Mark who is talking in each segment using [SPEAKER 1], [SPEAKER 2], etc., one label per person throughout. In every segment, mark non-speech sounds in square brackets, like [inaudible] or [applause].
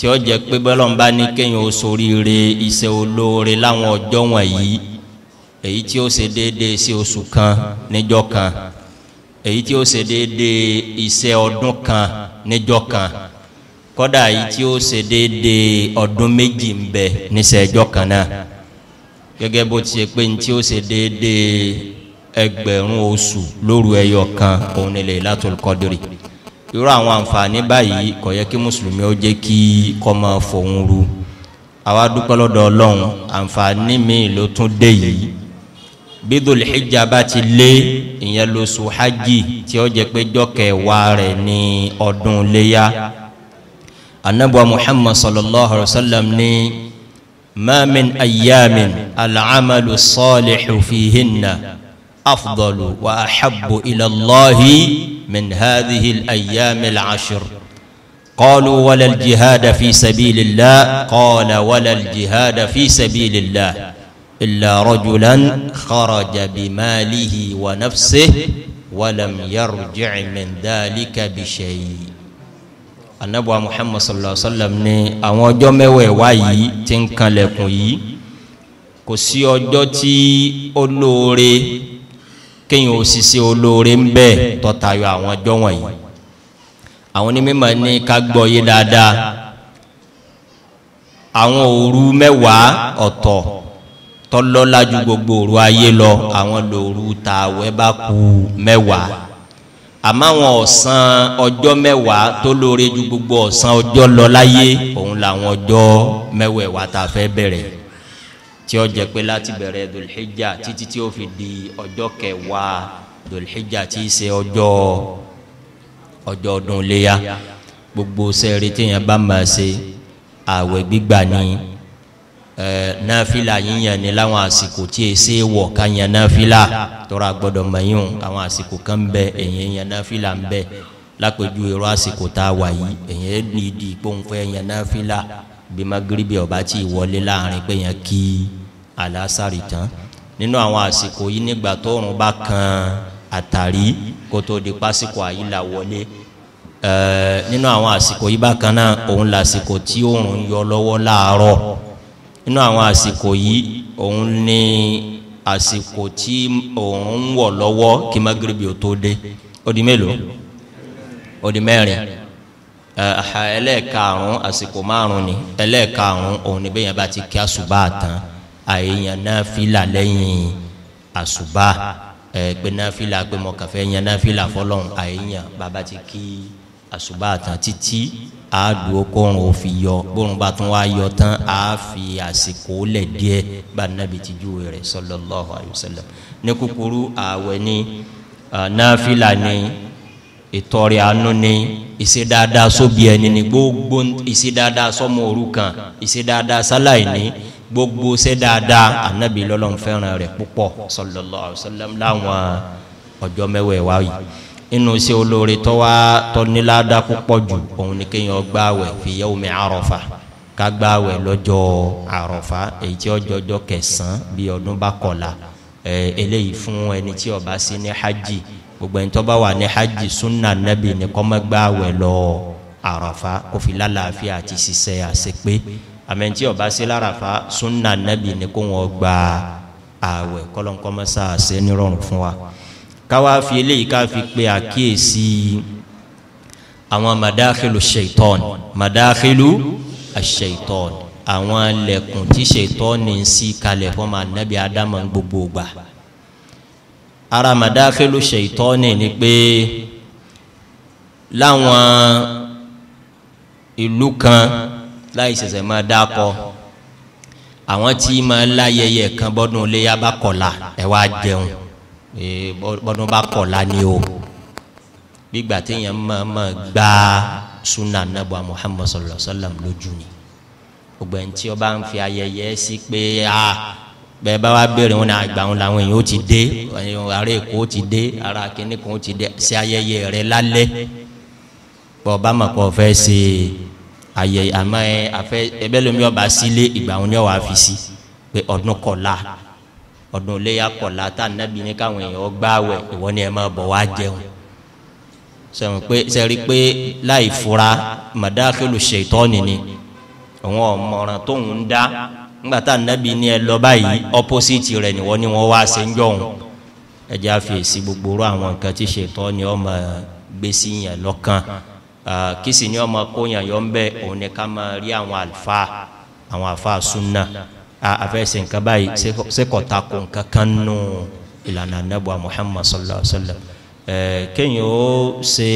[SPEAKER 1] tí ó jẹ́ pé bọ́lọ́mbà ní kéèyàn ó ṣoríire iṣẹ́ olóore láwọn ọjọ́ wọ̀nyí èyí tí ó ṣe déédéé sí oṣù kan níjọ́ kan èyí tí ó ṣe déédéé iṣẹ́ ọdún kan níjọ́ kan kódà èyí tí ó ṣe déédéé ọdún méjì ń bẹ níṣẹ́ ẹjọ́ kan náà gẹ́gẹ́ bó ti ṣe pé ní tí ó ṣe déédéé ẹgbẹ̀rún oṣù lóru ẹyọ kan òun ni Laylatul irú àwọn àǹfààní báyìí kò yẹ kí mùsùlùmí ó jẹ́ kí kó máa fòun ru àwa dúpẹ́ lọ́dọ̀ ọlọ́run àǹfààní míì ló tún dé yìí bí Dhul Hijja bá ti lé ìyẹn lóṣù hajj tí ó jẹ́ pé jọ́kẹ̀wàá rẹ̀ ní ọdún léyà anabuwa Muhammad sallallahu alaihi wa sallam ní ma ayyamin al'amalu salihu fihinna. أفضل وأحب إلى الله من هذه الأيام العشر قالوا ولا الجهاد في سبيل الله قال ولا الجهاد في سبيل الله إلا رجلا خرج بماله ونفسه ولم يرجع من ذلك بشيء النبي محمد صلى الله عليه وسلم ni àwọn ọjọ́ mẹ́wẹ̀ẹ̀wá yìí ti ń kanlẹ̀kùn yìí kéyìn òṣìṣẹ́ olóore ń bẹ tọ́tayọ àwọn ọjọ́ wọ̀nyí àwọn onímọ̀ ní ká gbọ́ yé dáadáa àwọn òru mẹ́wàá ọ̀tọ̀ tọ́lọ́lá ju gbogbo òru ayé lọ àwọn lòru tààwẹ́ bá ku mẹ́wàá àmọ́ àwọn ọ̀sán ọjọ́ mẹ́wàá tó lóore ju gbogbo ọ̀sán ọjọ́ lọ láyé òun làwọn ọjọ́ mẹ́wẹ̀ẹ́wàá tá a fẹ́ bẹ̀rẹ̀ tí ó jẹ pé láti bẹ̀rẹ̀ dòlìhíjà títí tí ó fi di ọjọ́ kẹwàá dòlìhíjà tí í ṣe ọjọ́ ọjọ́ ọdún léya gbogbo sẹ́ẹ̀rì téèyàn bá máa ṣe ààwẹ̀ gbígbà ni náfìlà yíyan ni láwọn àsìkò tí e ṣe wọ̀ ká yan náfìlà tọ́ra gbọ́dọ̀ mọ̀yún àwọn àsìkò kan ń bẹ èyàn yan náfìlà ń bẹ lápẹjù irú àsìkò tá a wà yìí èyàn ní ìdí ìpòǹfẹ́ yan náfìlà bí magiribi ọba tí ì wọlé láàrin pé yẹn kí í àlásàrì tán nínú àwọn àsìkò yìí nígbà tóòrùn bá kan àtàrí kó tó di pásìkò àyílà wọlé nínú àwọn àsìkò yìí bákan náà òun làsìkò tí òòrùn ń yọ lọ́wọ́ láàárọ̀ nínú àwọn àsìkò yìí òun ní àsìkò tí òun ń wọ̀ lọ́wọ́ kí magrebi ò tó dé ó di mélòó ó di mẹ́rin ẹlẹ́ẹ̀karùn-ún àsìkò márùn-ún ni ẹlẹ́ẹ̀karùn-ún òun ni bẹ́ẹ̀ yẹn bá ti kí àsùbá tán àìyàn náà fìlà lẹ́yìn àṣùbà ẹ pé náà fìlà pé mo kàn fẹ́ yan náà fìlà fọlọ́n àìyàn bàbá ti kí àṣùbà tán títí àádùn kọrùn òfin yọ bọrùn bá tún wá yọ tán á fi àsìkò lẹ díẹ̀ bá nàbì tí rẹ sallallahu alaihi wasallam ní kúkúrú ààwẹ̀ ní náfìlà ní ìtọrẹ àánú ní ìṣe dáadáa sóbi ẹni ní gbogbo ìṣe dáadáa sọmọ òrukàn ìṣe dáadáa gbogbo se dáadáa anabi lọ́lọ́run fẹ́ràn rẹ̀ púpọ̀ sallallahu alaihi wasallam láwọn ọjọ́ mẹ́wẹ̀ẹ̀wá yìí inú ṣe olóore tó wá tó níláàdá púpọ̀ jù òun ni kéèyàn gbààwẹ̀ fi yawmi Àrọ̀fà ká gbààwẹ̀ lọ́jọ́ Àrọ̀fà èyí tí ọjọ́ ọjọ́ kẹsàn-án bí ọdún bá kọ̀la eléyìí fún ẹni tí ó sí ní hajj gbogbo ẹni tó bá wà ní hajj sunna nabi ni kó má gbààwẹ̀ lọ Àrọ̀fà kó fi àti ṣiṣẹ́ àṣepé àmẹ́ntí ọba sí lárafa sunna nabi ni kó wọn gba ààwẹ̀ kọ́lọ́nkọ́mọ́sá ṣe nírọ̀rùn fún wa káwá fi eléyìí ká fi pe àkíyèsí àwọn madáhìlú ṣèitọ́n madáhìlú ṣèitọ́n àwọn lẹ̀kùn tí ṣèitọ́n ní í sí kalẹ̀ fún ma nabi adamu gbogbo gbà ara madáhìlú ṣèitọ́n ní pé láwọn ìlú kan láì ṣẹ̀ṣẹ̀ máa dá kọ àwọn tí máa láyẹyẹ kan bọ́dún iléyà bá kọ̀la ẹ wá jẹun bọ́dún bá kọ̀la ni o gbígbà téèyàn máa máa gba sunna nabu muhammad sallallahu alaihi wa sallam lójú ni gbogbo ẹni tí ó bá ń fi ayẹyẹ sí pé a bẹ́ẹ̀ bá wá béèrè wọn náà àgbà wọn làwọn èèyàn ó ti dé ará èkó ó ti dé ará kínní kan ó ti dé sí ayẹyẹ rẹ lálẹ́ bọ́ ọ bá mọ̀ kọ́ fẹ́ ṣe é. ayẹ àmọ́ ẹ afẹ ẹbẹ lomi ọba sílé ìgbà wọn ni ọwọ pé ọdún kọlá ọdún léya kọlá tá nàbí ní káwọn èèyàn ìwọ ni ẹ máa bọ wá jẹun sẹ̀wọ̀n pé sẹ́rí pé láì fura nìní òun tóun ń dá tá nàbí ní ẹ lọ báyìí ni ni wá ṣe ń ọmọ gbèsè yẹn kìsì ni ọmọ kóyàn yọ ń bẹ òun ni ká máa rí àwọn àlùfáà àwọn àfa sunna àfẹsẹ̀ nǹkan báyìí sẹ́kọ̀ọ́ta kò nǹkan kan nù ìlànà anábọ̀ Muhammad sallallahu alayhi wa sallam kéèyàn ó ṣe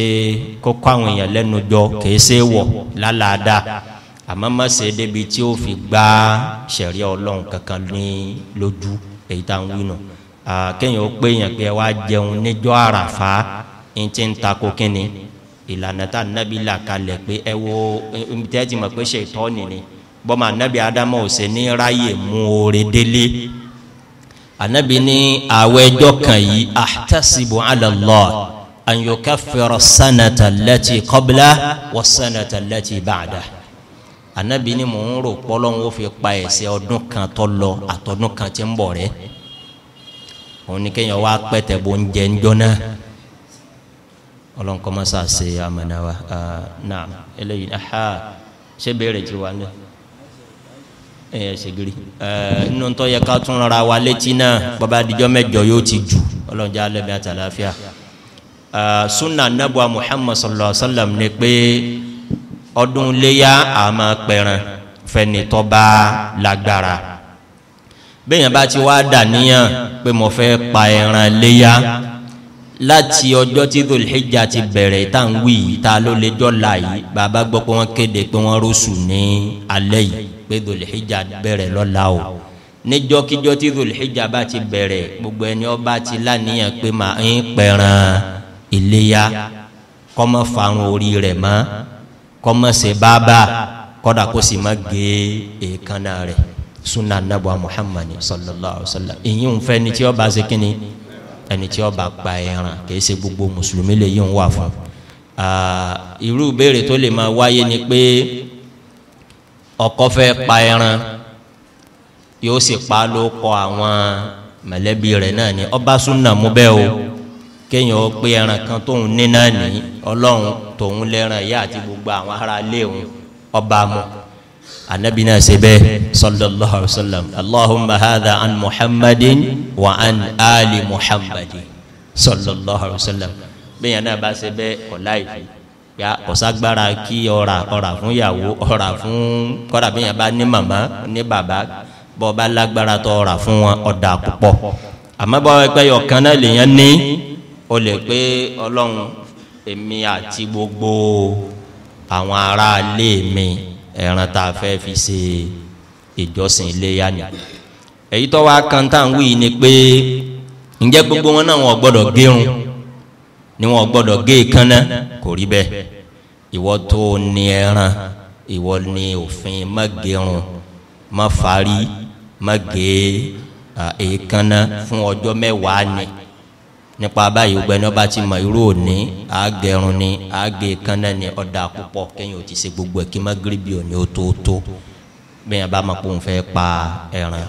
[SPEAKER 1] kókó àwọn èèyàn lẹ́nu jọ kìí ṣe wọ̀ lálàáda àmọ́ má ṣe débi tí ó fi gbá sẹ̀rí ọlọ́run kankan ní lójú èyí tá à ń wí nù kéèyàn ó pé èèyàn pé ẹ wá jẹun níjọ́ àràfá ní ti ń takò kínni ìlànà tá nàbí là kalẹ̀ pé ẹ wo tẹ́tí mọ̀ pé ṣètọ́ nìyí bọ́mọ anabi adamu ọ̀sẹ̀ ní ráyè mú oore délé anabi ní àwọn ẹjọ́ kan yìí ahtasibu ala Allah an yukaffira sanata allati qabla wa sanata allati ba'da anabi ní mò ń rò pọ́lọ́wọ́ fi pa ẹ̀ṣẹ̀ ọdún kan tó lọ àtọdún kan tí ń bọ̀ rẹ̀ òun ni kéèyàn wá pẹ́tẹ́ bó ń jẹ́ ń jọ náà ọlọ́run kọ́ máa ṣàṣe àmàna wa náà eléyìí aha ṣé béèrè ti wà ní ẹ̀yẹ ṣègiri nínú tó yẹ ká tún rọra wa létí náà bàbá àdìjọ́ mẹ́jọ yóò ti jù ọlọ́run jẹ́ alẹ́ bí àtàláfíà sunna nabuwa muhammad sallallahu alaihi wa sallam ni pé ọdún léyà àmà pẹ̀ràn fẹ́ni tó bá lágbára bẹ́ẹ̀ yẹn bá ti wá dà níyàn pé mo fẹ́ pa ẹran léyà láti ọjọ́ tí Dhul-Hijja ti bẹ̀rẹ̀ tá à ń wí yìí tá a ló lè jọ́ la yìí bàbá gbọ́ pé wọ́n kéde pé wọ́n rọ́ṣù ní alẹ́ yìí pé Dhul-Hijja bẹ̀rẹ̀ lọ́la o níjọ́kíjọ́ tí Dhul-Hijja bá ti bẹ̀rẹ̀ gbogbo ẹni ó bá ti láníyàn pé màá ń pẹran iléyà kọ́mọ farun orí rẹ̀ mọ́ kọ́mọ ṣe bàbà kọ́dà kó sì má gé èékánná rẹ̀ sunna anabu muhammad sallallahu alaihi wa sallam èyí ń fẹ́ ni tí ó ṣe kínni ẹni tí ó pa ẹran kì í ṣe gbogbo mùsùlùmí lè yín wà fún irú ìbéèrè tó lè máa wáyé ni pé ọkọ fẹ́ pa ẹran yóò sì pa ló kọ àwọn mọ̀lẹ́bí rẹ̀ náà ni ọba súnà mú bẹ́ẹ̀ o kéèyàn ó pé ẹran kan tóun ní náà ní ọlọ́run tóun lẹ́ran ìyá àti gbogbo àwọn ará òun ọba mu. anabi náà ṣe bẹ́ẹ̀ sallallahu alayhi wa sallam allahumma hadha an muhammadin wa an ali muhammadin sallallahu alayhi wa sallam bẹ́ẹ̀ náà bá ṣe bẹ́ẹ̀ ọ̀láìfi ya ọ̀ságbára kí ọ̀rà ọ̀rà fún ìyàwó ọ̀rà fún kọ́ra bẹ́ẹ̀ yẹn bá ní màmá ní bàbá bọ́ bá lágbára tó ọ̀rà fún wọn ọ̀dà púpọ̀ àmọ́ bá wọ́n pẹ́ ọ̀kan náà lèèyàn ní o lè pé ọlọ́run èmi àti gbogbo àwọn ará ilé mi. ẹran tá a fẹ́ fi ṣe ìjọsìn iléyà ni èyí tó wá kan tá ni pé ǹjẹ́ gbogbo wọn náà wọn gbọ́dọ̀ gérun ni gbọ́dọ̀ gé kanna kò rí bẹ́ẹ̀ ìwọ tó ní ẹran ìwọ ní òfin má gérun má fárí má gé èékánná fún ọjọ́ mẹ́wàá nípa báyìí gbẹ́ni ọba ti mọ irú òní àgẹrun ni àgẹ kanna ni ọ̀dà púpọ̀ kẹ́yìn ò ti ṣe gbogbo ẹ̀ kí má gíríbì òní ó tó tó bẹ́ẹ̀ bá máa pòun fẹ́ pa ẹran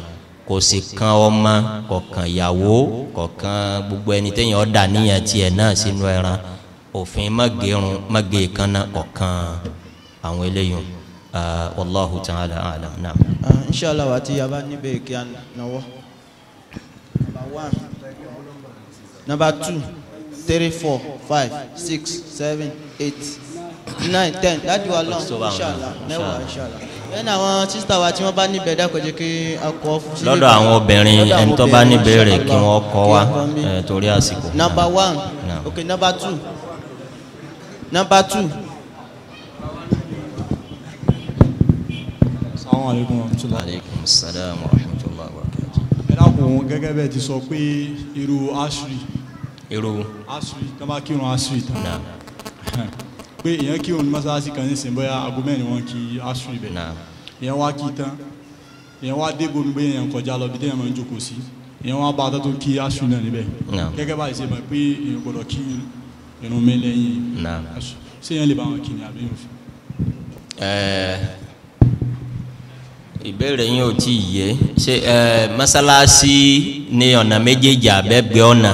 [SPEAKER 1] kò sì kan ọmọ kọ̀kan ìyàwó kọ̀kan gbogbo ẹni tẹ́yìn ọ̀dà níyàn tiẹ̀ náà sínú ẹran òfin mọ̀gẹ́run mọ̀gẹ́ kanna kọ̀kan àwọn eléyìí wallahu ta'ala a'lam.
[SPEAKER 2] inshallah wa ti yaba níbẹ̀ kí a náwó number two three four five six seven eight nine ten dájú wa lọ inṣàlá mẹ́wàá inṣàlá bẹ́ẹ̀ni àwọn sísítà wa tí wọ́n bá níbẹ̀ dákọ̀jẹ́ kí a kọ́ fún sílẹ̀. lọ́dọ̀ àwọn obìnrin ẹni tó bá níbẹ̀ rẹ̀ kí wọ́n kọ́ wa
[SPEAKER 1] torí àsìkò. number one
[SPEAKER 2] okay number two number two.
[SPEAKER 1] salaamaleykum wa aleykum salaam wa rahmatulah wọn gẹ́gẹ́ bẹ́ẹ̀ ti sọ pé irú ashri irú asiri tí wọ́n bá kírun asiri tán [laughs] pé èèyàn kírun ní mọ́sálásí kan ní sìn bóyá aago mẹ́rin wọn kí asiri bẹ̀ èèyàn wá kí tán èèyàn wá dé bomi bóyá èèyàn kọjá lọ bí téèyàn máa ń jókòó sí èèyàn wá bá a tó kí asiri náà níbẹ̀
[SPEAKER 2] gẹ́gẹ́ bá ṣe mọ̀ pé èèyàn gbọ́dọ̀ kí
[SPEAKER 1] irun mi lẹ́yìn
[SPEAKER 2] ṣé èèyàn lè bá wọn kí ni àbí òfin
[SPEAKER 1] ìbéèrè yín ò tí ì yé ṣe ẹ mọ́sálásí ní ọ̀nà méjèèjì àbẹ́gbẹ́ ọ̀nà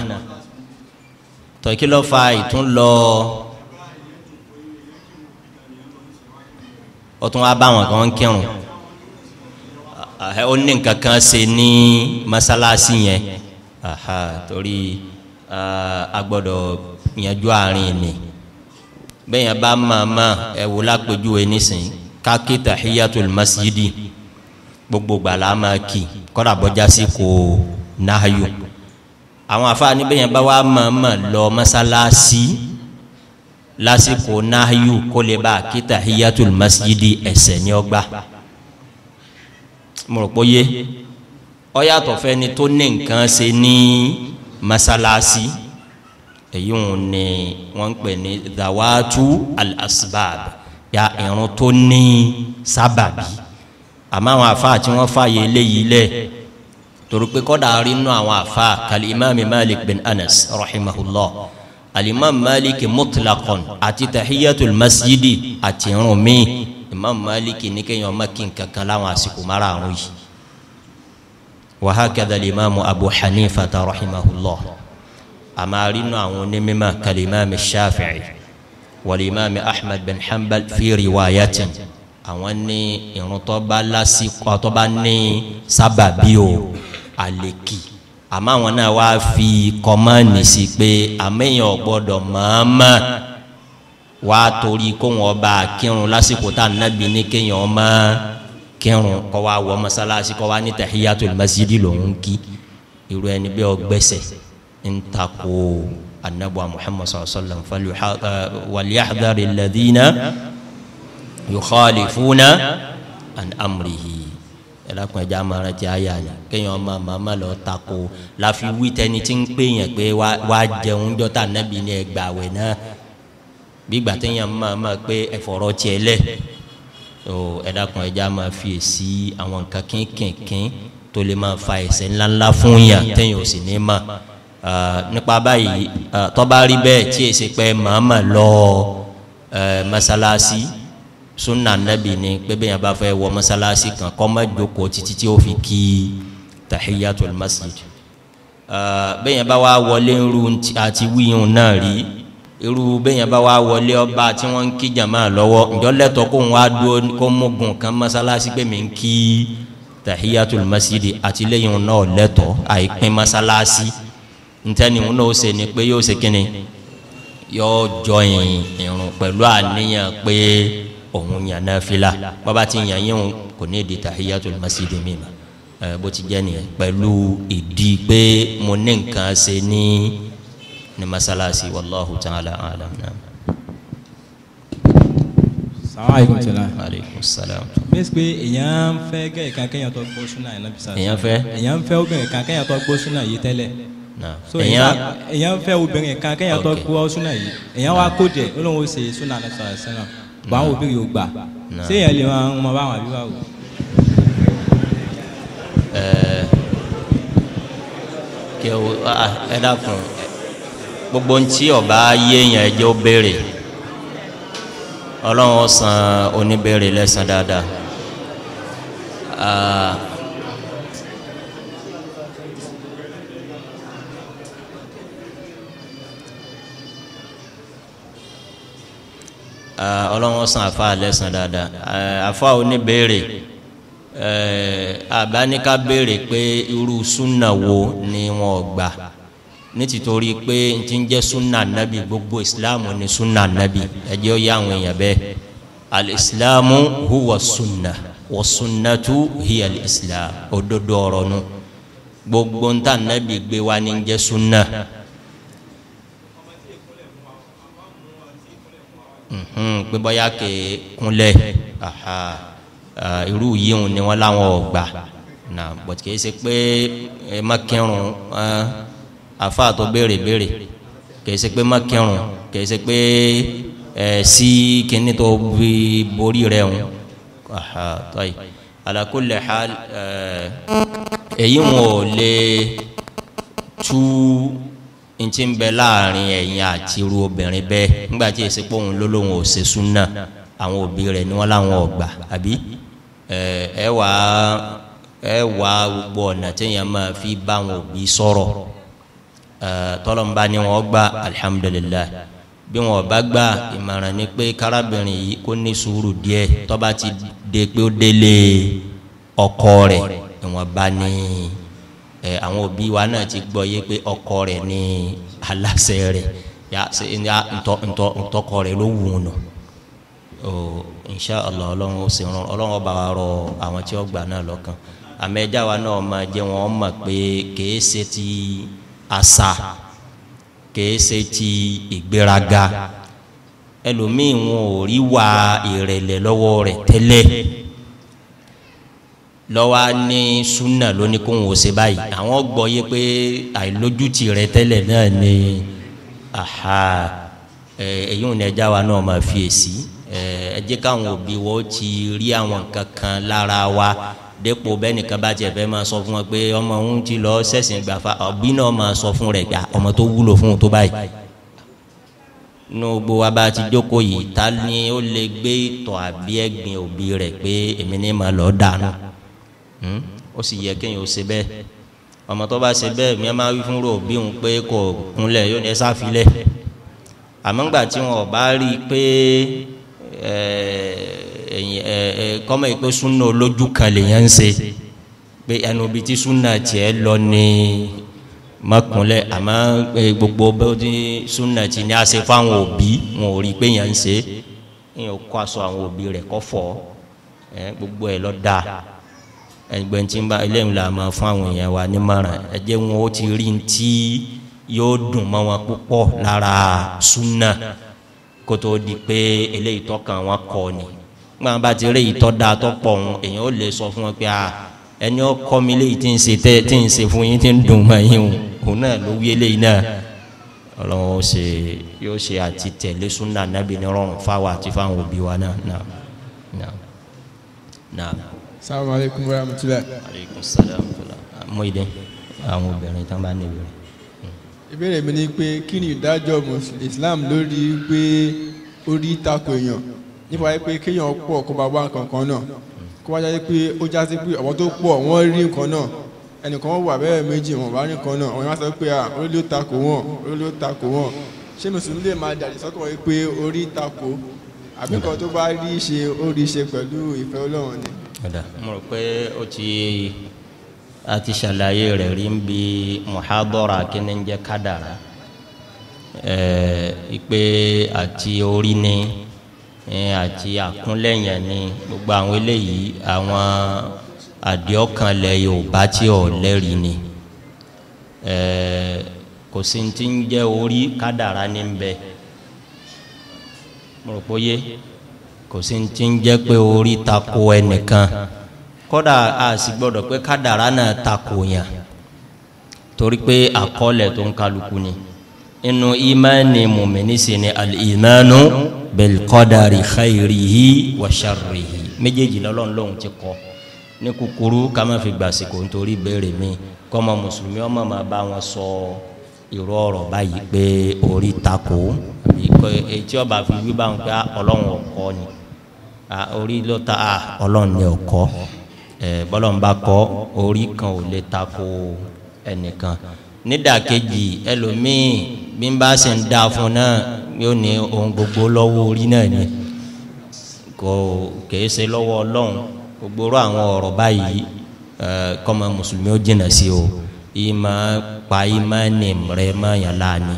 [SPEAKER 1] tọ́kí ló fa ìtúnlọ ó tún wá báwọn kan ń kírun ó ní nǹkan kan ṣe ní mọ́sálásí yẹn torí a gbọ́dọ̀ yanjú àárín ni bẹ́ẹ̀ yẹn bá máa máa ẹ̀wò lápèjúwe nísìnyí kákítà hiyatul masjidi. masjidi gbogbo gbala máa kì kọ́dà bọ́já sí kò náàyò àwọn afáàní bẹ́ẹ̀ yẹn bá wà mọ̀ọ́mọ̀ lọ mọ́sálásí lásìkò náàyò kó lè bá kíta hiyatul masjidi ẹ̀sẹ̀ ní ọgbà mo rò pé yé ni tó ní nǹkan ṣe ní mọ́sálásí èyí wọn ni wọ́n ń pè dawatu al ya irun tó ní sábàbí àmọ́ àwọn àfáà tí wọ́n fààyè eléyìí lẹ̀ torí pé kọ́dà rí inú àwọn àfáà kàlí imáàmì malik bin anas rahimahullah alimami malik mutlaqan àti tahiyatul masjidi àti irun mi malik ní kéèyàn má kí n kankan láwọn àsìkò márààrún yìí wa hakadha alimami abu hanifa ta rahimahullah àmọ́ rí inú àwọn onímọ̀ kàlí imáàmì shafi'i wàlí imáàmì ahmed bin hanbal fi riwayatin àwọn ní irun tó bá lásìkò tó bá ní sábàbí o àlèkì àmọ́ àwọn náà wá fi kọ́mọ́ọ̀nì sí pé àmẹ́yìn ọ̀gbọ́dọ̀ mọ̀ọ́mọ́ wá torí kó wọn bá kírun lásìkò tá a nábì ní kéèyàn mọ́ kírun kó wá wọ mọ́sálásí kó wá ní tahiyatul masjidi lòún kí irú ẹni bí ọgbẹ́sẹ̀ ń takò anabu muhammad sallallahu alaihi wa sallam eh, wal yahdhari alladhina yukhalifuna an amrihi ẹlẹ́kùn ẹja máa rántí àyà ni kéèyàn máa máa lọ tako láfi wí tẹni tí ń pè yàn pé wá jẹun jọta nẹ́bi ni ẹgbà wẹ̀ náà gbígbà téèyàn máa máa pé ẹ̀fọ̀rọ̀ tiẹ̀ lẹ̀ o ẹlẹ́kùn ẹja máa fi èsì àwọn nǹkan kínkìnkín tó lè máa fa ẹ̀ṣẹ̀ ńláńlá fún yàn téèyàn ò sì ní mà nípa báyìí tọ́ba rí bẹ́ẹ̀ tí èsì pé màmá lọ mọ́sálásí. sunna nabi ni pé yẹn bá wọ masalasi kan kó má titi tí fi kí tahiyatul masjid bẹ́ẹ̀ yẹn bá wá wọlé irú àti wíyùn náà rí irú bẹ́ẹ̀ yẹn bá wọlé ọba tí wọ́n ń kí jama lọ́wọ́ ǹjọ́ lẹ́tọ̀ọ́ kó ń wá dúró kó kan masalasi pé mi ń kí tahiyatul masjid àtìlẹ́yìn náà lẹ́tọ̀ọ́ àìpín mọ́sálásí ntẹ́ni náà ni pé yóò ṣe kíni yóò jọyìn pẹ̀lú àníyàn pé. Pe òun yàn náfìlà bàbá ti yàn yín kò ní èdè tahiyatul masjid mi ma bó ti jẹ́ nìyẹn pẹ̀lú ìdí pé mo ní nǹkan ṣe ní ní masalasi wallahu ta'ala alam na. salaamaleykum tila. aleykum salaam.
[SPEAKER 2] bẹ́ẹ̀ pé èèyàn fẹ́ gẹ̀ ìka kẹ́yàn tó gbó súnà yìí náà bisá. èèyàn fẹ́. èèyàn fẹ́ obìnrin kan kẹ́yàn tó gbó súnà yìí tẹ́lẹ̀. so èèyàn èèyàn fẹ́ obìnrin kan kẹ́yàn tó gbó súnà yìí èèyàn wá kó
[SPEAKER 1] jẹ ó lóun ó ṣe súnà náà sọ̀rọ̀ sẹ́nà bọ́ àwọn òbí yóò gbà ṣé èèyàn lè máa ń mọ báwọn àbí báwo. Eh, ah, ẹ dákun gbogbo ntí ọba yéèyàn ẹjẹ ó béèrè ọlọ́run ó san oníbéèrè lẹ́san dáadáa. Ah, Ah, ọlọ́wọ́n san àfa lẹ́sàn dáadáa ah, àfa oníbèrè eh, àbáníká béèrè pé irú súnà wo ni wọn gbà ní pé n ti ń jẹ́ súnà gbogbo ìsìláàmù ni súnà nàbì ẹ̀jẹ̀ ó yá àwọn èèyàn alìsìláàmù huwa súnà wa sunnatu hiya alìsìláàmù òdodo gbogbo ń nabi nàbì gbé wa pé bọ́yá kè é kúnlẹ̀ irú yíyún ni wọ́n láwọn ò gbà na bọ̀tí kìí ṣe pé ẹ má kírun àfa àtọ́ béèrè béèrè kìí ṣe pé má kírun kìí ṣe pé ẹ sí kíní tó fi borí rẹ̀ ń tọ́yì ala kulli hal èyí lè tú. ntí ń bẹ láàrin ẹ̀yin àti irú obìnrin bẹ́ẹ̀ nígbà tí èsì pé òun ò súnà àwọn òbí rẹ̀ ni wọ́n láwọn ọgbà àbí ẹ wà ẹ wà gbogbo ọ̀nà fi bá àwọn òbí sọ̀rọ̀ tọ́lọ́mùbá ni alihamudulilayi bí wọn bá ìmọ̀ràn ni pé yìí ní sùúrù ti de pé ó délé ọkọ bá ní. ẹ àwọn òbí wa náà ti gbọ́ yé pé ọkọ rẹ̀ ní aláṣẹ rẹ̀ yà ṣe ntọ́ ntọ́ ntọ́kọ rẹ̀ ló wù ú o insha allah ọlọ́run ó sì rán ọlọ́run ọba wa rọ àwọn tí ó gbà náà lọ́kàn àmẹ́jà wa náà máa jẹ́ wọn mọ̀ pé kìí ṣe ti àṣà kìí ṣe ti ìgbéraga ẹlòmíì wọn ò rí wa ìrẹ̀lẹ̀ lọ́wọ́ rẹ̀ tẹ́lẹ̀ lọ́wọ́ ní sunna lóní kó ń wò ṣe báyìí àwọn gbọ́ yé pé àìlójútì rẹ tẹ́lẹ̀ náà ni aha èyí ò ní ẹja wa náà máa fi èsì ẹ jẹ́ káwọn òbí wọ́n ti rí àwọn nǹkan kan lára wa dépò bẹ́ẹ̀ nìkan bá tiẹ̀ fẹ́ máa sọ fún wọn pé ọmọ òun ti lọ sẹ̀sìn gbàfa òbí náà máa sọ fún rẹ̀ gbà ọmọ tó wúlò fún un tó báyìí nínú gbogbo wa bá ti jókòó yìí ta ni ó lè gbé ìtọ̀ àbí ẹ̀gbin òbí rẹ̀ pé èmi ní màá lọ dáná. Hmm? ó sì yẹ kéèyàn ó ṣe bẹ́ẹ̀ ọmọ tó bá ṣe bẹ́ẹ̀ mi máa wí fún rò bí òun pé kò kúnlẹ̀ yóò ní ẹ sáfilẹ̀ àmọ́ ńgbà tí wọn bá rí i pé kọ́mọ yìí pé súnà olójú kan lèèyàn ń ṣe pé ẹnu bíi tí súnà tiẹ̀ lọ ni mọ́kúnlẹ̀ àmọ́ gbogbo bóde súnà ti ní àṣẹ fáwọn òbí wọn ò rí i pé yẹn ń ṣe é yẹn kó aṣọ àwọn òbí rẹ̀ kọ́ fọ́ gbogbo ẹ̀ lọ́ dáa ẹgbẹ́ tí ń bá eléyìí là máa fún àwọn èèyàn wa nímọ̀ràn ẹ jẹ́ wọn ó ti rí ti yóò dùn mọ́ wọn púpọ̀ lára súnà kó tó di pé eléyìí tọ́kàn wọn kọ ni gbọ́n bá ti rí ìtọ́ da tó pọ̀ òun èèyàn ó lè sọ fún wọn pé a ẹni ó kọ́ mi léyìí tí ń ṣe tẹ́ tí ń ṣe fún yín tí ń dùn mọ́ yín òun náà ló wí eléyìí náà ọlọ́run ṣe yóò ṣe àti tẹ̀lé súnà nábì ní fáwọn àti fáwọn òbí wa náà náà náà náà salamu aleykum wa rahmatulah. aleykum salaam mọ ìdẹ àwọn obìnrin tán bá níbi rẹ. ìbéèrè mi ni pé kí ni ìdájọ́ islam lórí
[SPEAKER 2] pé orí tako èèyàn nípa pé kéèyàn pọ̀ kó bá wá nǹkan náà kó wá jáde pé ó jáde pé àwọn tó pọ̀ wọ́n rí nǹkan náà ẹnìkan wà bẹ́ẹ̀ méjì wọn bá rí nǹkan náà àwọn yẹn sọ pé orí ló tako wọn orí ló tako wọn ṣé mùsùlùmí lè máa dàdí sọ́kàn wọ́n pé orí tako àbí tó bá rí ṣe ó rí ṣe pẹ̀lú ìfẹ́ ọlọ́run ni
[SPEAKER 1] mo rò pé ó ti a ti ṣàlàyé rẹ̀ rí ń bi muhadara kíni ń jẹ́ kádàrá ẹ̀ẹ́ pé àti orí ni àti àkúnlẹ̀yìn ni gbogbo àwọn eléyìí àwọn àdìọ́kànlẹ̀ Yorùbá tí ò lẹ́rìí ni kò sí ti ń jẹ́ orí kádàrá ní ń bẹ mo pé ó yé kò sí ní ti ń jẹ́ pé orí tako ẹnìkan kódà a sì gbọ́dọ̀ pé kádàrá náà tako yàn torí pé àkọọ́lẹ̀ tó ń kálukú ni inú ìmánì mùmíní sì ni al-ìmánu bil-qadari khayrihi wa sharrihi méjèèjì lọ́lọ́run lòun ti kọ́ ní kúkúrú ká má fi gbàsìkò nítorí béèrè mi kọ́mọ mùsùlùmí ọmọ máa bá wọn sọ irú ọ̀rọ̀ báyìí pé orí tako èyí tí ọba fi wí báwọn pé ah, ọlọ́run ọ̀kọ́ ni orí ló ta ọlọ́run ni ọkọ bọ́lọ́n bá kọ́ orí kan ò lè ta ko ẹnìkan nídàkejì ẹlòmíì bí n bá ṣe ń da fún náà yóò ní ohun gbogbo lọ́wọ́ orí náà ni kò kèé ṣe lọ́wọ́ ọlọ́run gbogbo rú àwọn ọ̀rọ̀ báyìí kọ́mọ mùsùlùmí ó jìnnà sí o ìmọ̀ pa ìmọ̀ ní rẹ̀ mọ̀ yàn láàánú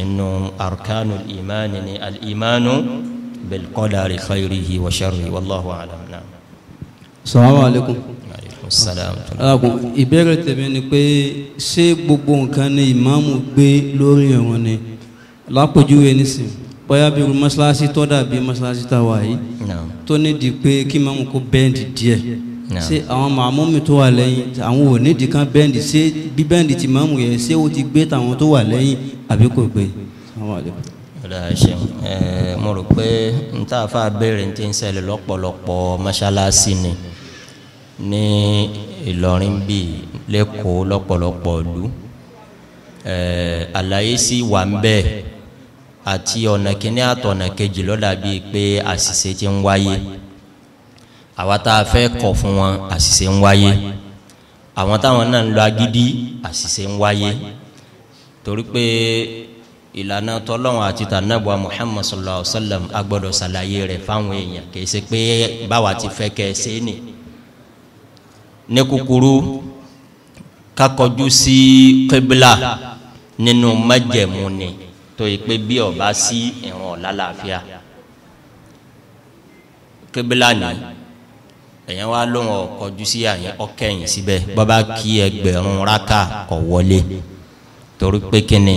[SPEAKER 1] inú arkanu ìmọ̀ ni al-imanu bilqadari khayrihi wa sharrihi wallahu alam na. salamu aleykum. aleykum salaam.
[SPEAKER 2] alakun ìbéèrè tèmi ni pé ṣé gbogbo nǹkan ni ìmáàmù gbé lórí ẹ̀wọ̀n ni lápèjúwe nísìnyí bóyá bí mọ́ṣáláṣí tó dàbí mọ́ṣáláṣí tá a wà yìí tó nídìí pé kí máàmù kó bẹ́ẹ̀ndì díẹ̀ ṣé àwọn màmúmi tó wà lẹ́yìn àwọn ò nídìí kan bẹ́ẹ̀ndì ṣé bí bẹ́ẹ̀ndì ti máàmù yẹn ṣé ó ti gbé tàwọn tó wà lẹ́yìn àbí kò
[SPEAKER 1] gbé bila ṣeun ẹẹ mo rò pé n ta fa béèrè n ti ń ṣẹlẹ̀ lọ́pọ̀lọpọ̀ mọ́ṣáláṣí ni ní Ìlọrin bíi lẹ́kọ̀ọ́ lọ́pọ̀lọpọ̀ ìlú ẹẹ àlàyé sì wà ń bẹ àti ọ̀nà kínní àtọ̀nà kejì lọ́dà bíi pé àṣìṣe ti ń wáyé àwa tá a fẹ́ kọ̀ fún wọn àṣìṣe ń wáyé àwọn táwọn náà ń lo agídí àṣìṣe ń wáyé torí pé ìlànà tọlọ́run àti tànàbọ̀ Muhammad sallallahu alayhi wa sallam agbọ́dọ̀ ṣàlàyé rẹ̀ fáwọn èèyàn kì í ṣe pé báwa ti fẹ́ kẹ́ ẹ ṣe é nì. ní kúkúrú ká kọjú sí kébìlà
[SPEAKER 2] nínú májẹ̀mú
[SPEAKER 1] ni tó yẹ pé bí ó bá sí ìrun ọ̀la làáfíà kébìlà ni èèyàn wá lóun ọkọjú sí àyẹn ọkẹyìn síbẹ̀ bàbá kí ẹgbẹ̀rún rákà kọ̀ wọlé torí pé kíni.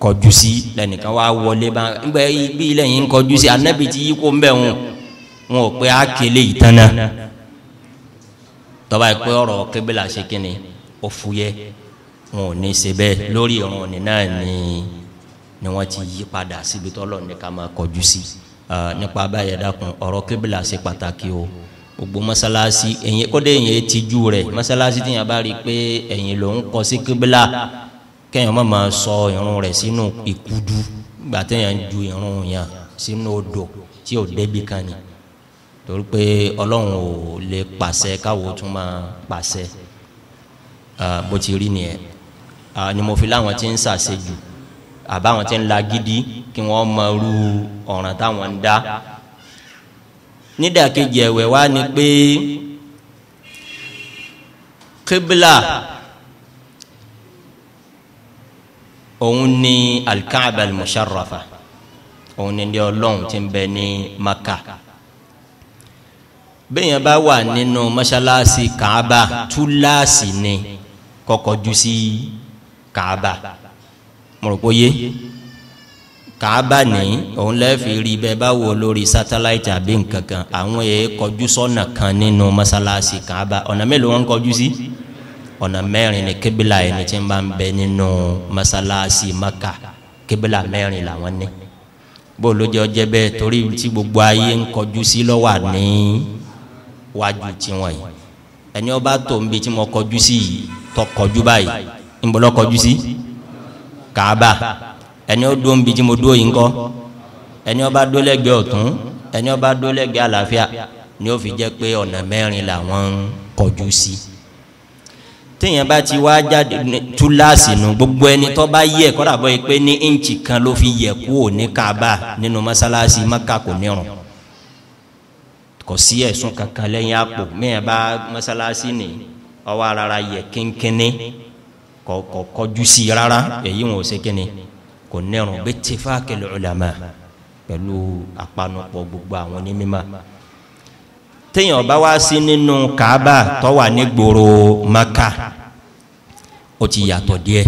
[SPEAKER 1] kọjú sí lẹnìkan wá wọlé bá ngbẹ bí lẹ́yìn kọjú sí anabi ti yí kó mbẹ wọn wọn ò pé akele yìí tán náà tọba ìpè ọ̀rọ̀ kébìlà ṣe kínni ó fúyẹ́ wọn ò ní ṣe bẹ́ẹ̀ lórí ìrun òní náà ni ni wọn ti yí padà síbi tọlọ ní ká máa kọjú sí nípa abáyẹ dákun ọ̀rọ̀ kébìlà ṣe pàtàkì o gbogbo mọ́sálásí ẹ̀yin kọ́dé ẹ̀yin ti jú rẹ̀ tìyàn bá rí i pé ẹ̀yin ló ń kọ sí kébìlà kẹ́yìn ọmọ máa sọ irun rẹ̀ sínú ìkudu gbà téèyàn ń ju irun yàn sínú odò tí ò débi kan ni torí pé ọlọ́run ò lè pàṣẹ káwo tún máa pàṣẹ bó ti rí nìyẹn ni mo fi láwọn tí ń ṣàṣejù àbáwọn tí ń la gidi kí wọ́n mọ irú ọ̀ràn táwọn ń dá nídàkejì ẹ̀wẹ̀ wá ni pé kébìlà. òun ni alikaaba almusharrafa òun ni ní ọlọ́run ti ń bẹ ní maka bẹ́ẹ̀yàn bá wà nínú mọ́ṣáláṣí kaaba túláàsì ni kọkọjú sí kaaba mo rò pé yé kaaba ní òun lẹ́ẹ̀fì rí bẹ́ẹ̀ bá wò lórí sátáláìtì àbí nǹkan àwọn èèyàn kọjú sọ́nà kan nínú mọ́ṣáláṣí kaaba ọ̀nà mélòó wọn kọjú sí. Si? ọ̀nà mẹ́rin ni kébìlà ẹni tí ń bá ń bẹ nínú masalasi maka kébìlà mẹ́rin làwọn ní bó ló jẹ́ ọjẹ́ bẹ́ẹ̀ torí tí gbogbo ayé ń kọjú sí lọ́wọ́ ní wájú tiwọn yìí ẹni ọba tó ń bi tí mo kọjú sí yìí tó kọjú báyìí ń bọ́ lọ́ kọjú sí kaaba ẹni ó ń bi tí mo dó yìí ń kọ́ ẹni ọba dó lẹ́gbẹ̀ẹ́ ọ̀tún ẹni ọba dó lẹ́gbẹ̀ẹ́ àlàáfíà ni ó fi jẹ́ pé ọ̀nà mẹ́rin làwọn kọjú sí. Si téèyàn bá ti wá jáde túláàsì nù gbogbo ẹni tó bá yẹ kọ́dà bọ́ yìí pé ní íǹtì kan ló fi yẹ kú òní kaaba nínú mọ́sálásí maka kò ní rùn kò sí ẹ̀sùn kankan lẹ́yìn àpò mẹ́yìn bá mọ́sálásí ni ọwọ́ rárá yẹ kínkínní kò kọjú sí i rárá èyí wọn ò ṣe kínní kò ní rùn bí tìfá kẹlẹ́ ulama pẹ̀lú àpanupọ̀ gbogbo àwọn onímọ̀. téèyàn bá wá sí nínú kaaba tó wà ní gbòòrò maka ó ti yàtọ̀ díẹ̀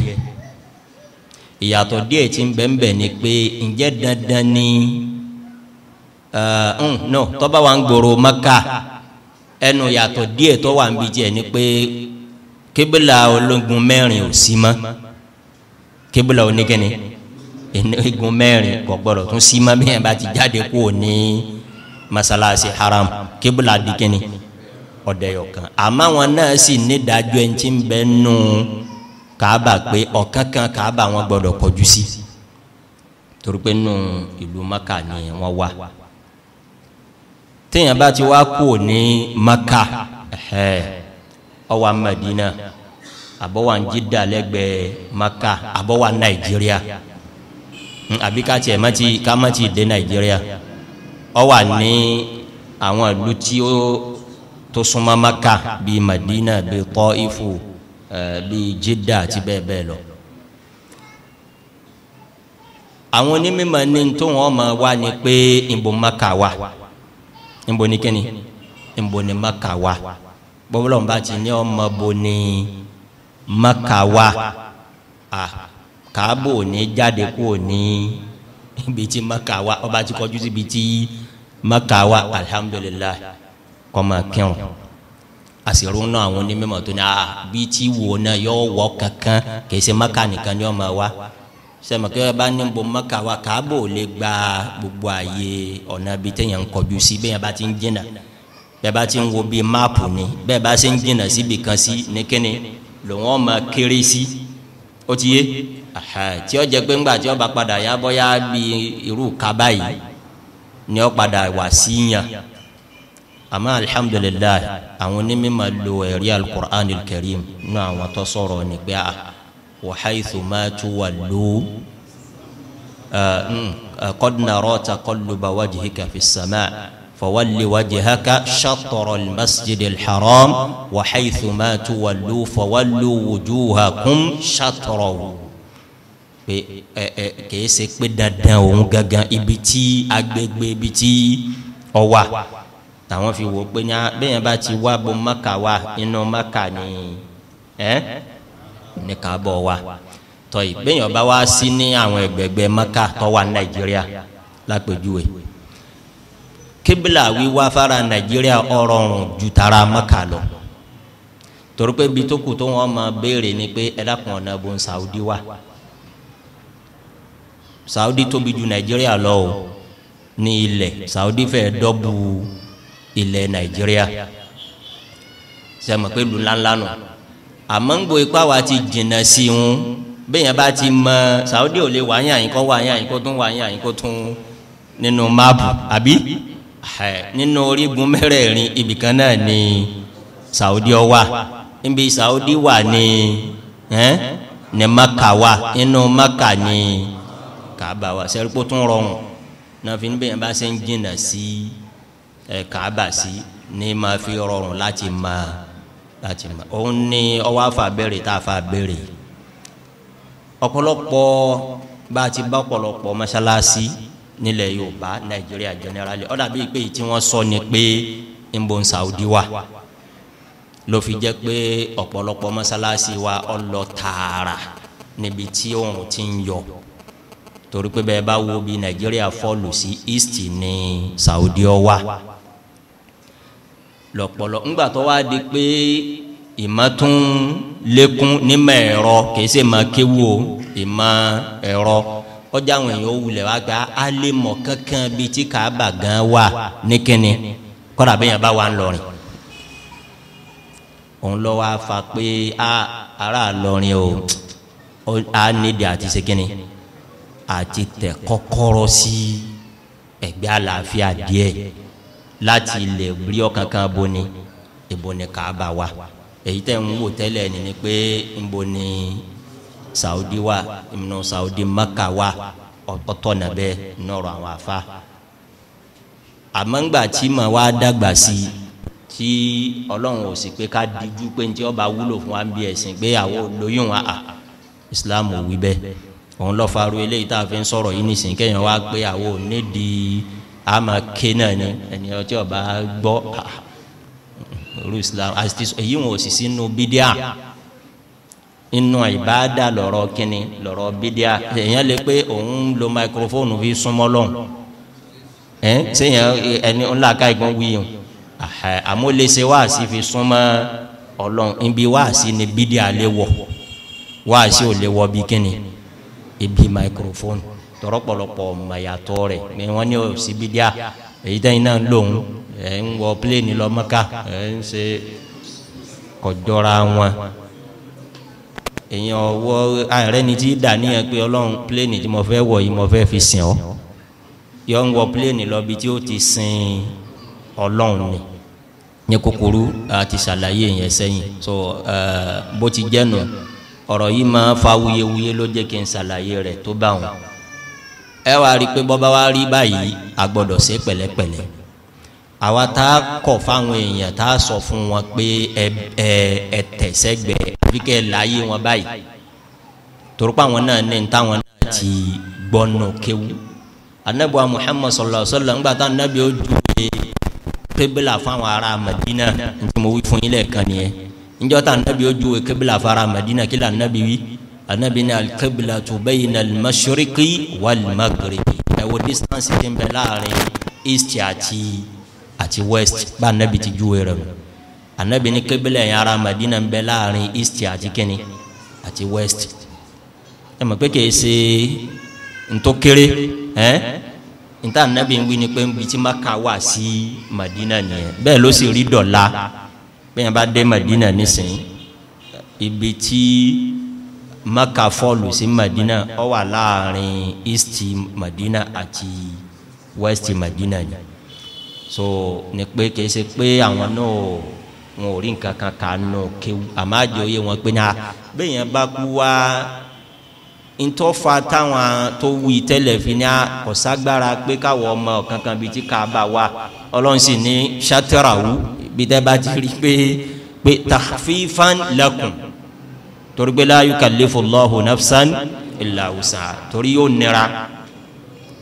[SPEAKER 1] ìyàtọ̀ díẹ̀ tí ń bẹ̀ǹbẹ̀ ni pé ǹjẹ́ dandan ni uh, mm, no tó bá wà ń gbòòrò maka ẹnu yàtọ̀ díẹ̀ tó wà ń bi jẹ́ ni pé kébìlà ológun mẹ́rin ò sí mọ́ kébìlà oníkẹ́ni ológun mẹ́rin kò gbọ́dọ̀ tún sí mọ́ bí yẹn bá ti jáde kúrò ní. masalasi haram kébùlà dikini ọ̀dẹ̀ yọ̀kan àmọ́ wọn náà sì ní dájọ́ ẹni tí ń bẹ nù kaaba pé ọ̀kan kan kaaba wọn gbọ́dọ̀ kọjú sí torí nù ìlú maka ni wọ́n wà téèyàn bá ti wá kú ní maka ó madina àbọ̀ wà Jidda maka àbọ̀ wà nàìjíríà àbí ká tiẹ̀ dé nàìjíríà. Yeah ọ wà ní àwọn ìlú tí ó tó súnmọ́ maka bíi madina bíi tọ́ífù bíi jidda àti bẹ́ẹ̀ bẹ́ẹ̀ lọ. àwọn onímọ̀ ní tó wọ́n mọ̀ wá ni pé ìbò maka wà ìbò ní kíni ìbò ní maka wà bọ́bọ́lọ́mù bá ti ní ọmọ bo ní maka wà kàábò ní jáde kúrò ní ibi tí maka wa ọba ti kọjú síbi tí maka wa alihamudulilayi kọ́mọ kẹ́hùn àsìrò náà àwọn onímọ̀ tó ní a ah, bí tí wò náà yọ wọ kankan kìí ṣe maka nìkan ni ọmọ wa sẹ́mọ̀kẹ́ ẹ bá ní bo maka wa káàbò lè gba gbogbo ààyè ọ̀nà bíi téèyàn kọjú sí bẹ́ẹ̀ bá ti ń jìnnà bẹ́ẹ̀ bá ti ń wo bíi máàpù ni bẹ́ẹ̀ bá ṣe ń jìnnà síbi kan sí nìkíni lòun ọmọ kéré sí ó ti yé tí ó jẹ́ pé ńgbà tí ó bá padà yá bọ́yá bí irú kaba yìí ni ó padà wà sí yàn àmọ́ alihamudulilayi àwọn onímọ̀ lo ẹ̀rí alukur'an kẹrim nínú àwọn tó sọ̀rọ̀ ní pé a ah, wa haythu ma tuwallu ah, mm, ah, qad nara taqalluba wajhika fi as-sama' fawalli wajhaka shatra al-masjid al-haram wa haythu ma tuwallu fawallu wujuhakum shatrahu pé ẹ ẹ kìí ṣe pé dandan òun gangan ibi tí agbègbè ibi tí ọ wà tàwọn fi wò pé bẹ́ẹ̀ bá ti wá bo maka wa inú maka ni ẹ ní ká bọ̀ wa tọ́yì bẹ́ẹ̀ yọba wá sí ní àwọn ẹgbẹ̀gbẹ̀ maka tó wà nàìjíríà lápèjúwe kébìlà wíwá fara nàìjíríà ọrọrùn ju tara maka lọ torí pé bí tó kù tó wọn máa béèrè ni pé ẹ dákun ọ̀nà bo ń Saudi wa. Saudi tóbi ju Nàìjíríà lọ o ní ilẹ̀ Saudi fẹ́ dọ́bu ilẹ̀ Nàìjíríà sẹ́mi pé lu ńláńlá nù àmọ́ ń gbọ́ ipá wa ti jìnnà sí i ń bá ti mọ Saudi ò lè wà yín àyínkọ́ wà yín àyínkọ́ tún wà yín àyínkọ́ tún nínú máàpù àbí nínú orígun mẹ́rẹ̀ẹ̀rin ibìkan náà ni Saudi ọ wà níbi Saudi wà ní ẹ́ ní Maka wà nínú Maka ni. Eh? kàába wa sẹ́ríkó tún rọrùn nàfin bẹ́ẹ̀ bá ṣe ń jìnnà sí ẹ̀ kàába sí ní ma fi rọrùn láti ma láti ma òun ní ọwọ́ afa béèrè tá a fa béèrè ọ̀pọ̀lọpọ̀ bá a ti bá ọ̀pọ̀lọpọ̀ mọ́ṣáláṣí nílẹ̀ Yorùbá Nàìjíríà generally ó dà bí pé tí wọ́n sọ ni pé ń bọ̀ ń Saudi wa ló fi jẹ́ pé ọ̀pọ̀lọpọ̀ mọ́ṣáláṣí wa ó lọ tààrà níbi tí òun ti ń yọ torí pé bẹ́ẹ̀ bá wo bí nàìjíríà fọ́ọ̀lù sí east ní saudi ọwa lọ́pọ̀lọ́ ńgbà tó wá di pé ìmọ̀tún lékún nímọ̀ ẹ̀rọ kìí ṣe máa kéwu o ìmọ̀ ẹ̀rọ ọjà àwọn èèyàn wulẹ̀ wá gba alẹ́mọ̀ kankan bíi tí kàábà gan wà níkẹ́ni kọ́ra bẹ́ẹ̀ yẹn bá wà ń lọrin òun lọ́ wá fa pé ah, a ara o a nídìí àti ṣe kínni. àti tẹ̀ kọ́kọ́rọ́ sí ẹ̀gbẹ́ àlàáfíà díẹ̀ láti lè rí ọkàn kan boni ìbò ni Kaaba wa èyí tẹ̀ ń wò tẹ́lẹ̀ ni ni pé ń Saudi wa ìmìnà Saudi Maka wa ọ̀tọ̀ nàbẹ́ nọ̀rọ̀ àwọn afa àmọ́ ńgbà tí mà wá dàgbà sí i tí ọlọ́run ò sì pé ká díjú pé ní tí ọba wúlò fún wa ń bí ẹ̀sìn pé àwọn wa à Islam ò wí bẹ́ẹ̀. òun lọ faru eléyìí tá a fi ń sọ̀rọ̀ yìí nìsín kéèyàn wá pé àwọn onídìí àmọ́ ké náà ni ẹni ọtí ọba gbọ́ ru islam àti èyí wọn ò sì sínú bídíà inú ìbáàdà lọ̀rọ̀ kínní lọ̀rọ̀ bídíà èèyàn lè pé òun lo microphone fi súnmọ́ lọ́hùn ẹ̀ sẹ́yìn ẹni ńlá ká ìgbọ́n wíyùn àmúlẹ̀sẹ̀ wáàsí fi súnmọ́ ọlọ́run ibi wáàsí ni bídíà lè wọ̀ wáàsí ò lè wọ̀ bí kínní ibi microphone tọrọ pọ̀lọpọ̀ mayatọ rẹ mẹ wọn ní o sibidia èyí tẹ́yìn náà lòun ẹ̀ ń wọ pléènì lọ Mẹ́kà ẹ̀ ń ṣe kọjọra wọn èyàn ọwọ́ ààrẹ ni ti dà níyẹn pé ọlọ́run pléènì tí mo fẹ́ wọ̀ yìí mo fẹ́ fi sìn ọ́ yọ ń wọ pléènì lọ tí ó ti sin ọlọ́run ni ní kúkúrú àti ṣàlàyé yẹn sẹ́yìn so bó ti jẹ́ nù. No ọ̀rọ̀ yìí máa fa wuyewuye ló jẹ́ kí n ṣàlàyé rẹ̀ tó bá wọn ẹ wá rí i pé bọ́ba wa rí báyìí a gbọ́dọ̀ ṣe pẹ̀lẹ́pẹ̀lẹ́ àwa tá a kọ̀ fáwọn èèyàn tá a sọ fún wọn pé ẹ ẹ ẹ àbí kẹ́ ẹ láyé wọn báyìí torípa àwọn náà ní táwọn náà ti gbọ́nà kéwu anabiwa muhammad sallallahu alaihi wa sallam ńgbà tá anabi ó ju pébélà fáwọn ará madina ntí njọta anabi o juwe kibla fara madina kila anabi wi anabi ni alikibla tu bayna almashiriki walmagribi ẹ wo distance tí ń bẹ láàrin east àti àti west bá anabi ti juwe rẹ̀ o anabi ni kibla yẹn ara madina ń bẹ láàrin east àti kini àti west ẹ mọ̀ pé kìí ṣe ntó kéré ẹ nta anabi ń ni pé nbí tí maka wà sí madina nìyẹn bẹ́ẹ̀ ló sì rí dọ̀la bí bá dé Madina nísìnyí ibi tí Maka fọlù sí Madina ó wà láàrin East Madina àti West Madina ni so ní pé kìí ṣe pé àwọn náà wọn ò rí nǹkan kan kà nù kéwù àmọ́ àjọ yẹ wọn pé náà bẹ́ẹ̀ yẹn bá kú wá ntọ́fà táwọn tó wù í tẹ́lẹ̀ fi ní kọ̀ságbára pé káwọ́ ọmọ kankan bíi tí ká bá wa ọlọ́run sì ní ṣàtẹ̀ràwù bidẹ bá ti rí pé pé tahfifan lakum torí pé la yukallifu Allahu nafsan illa wus'aha torí yóò nira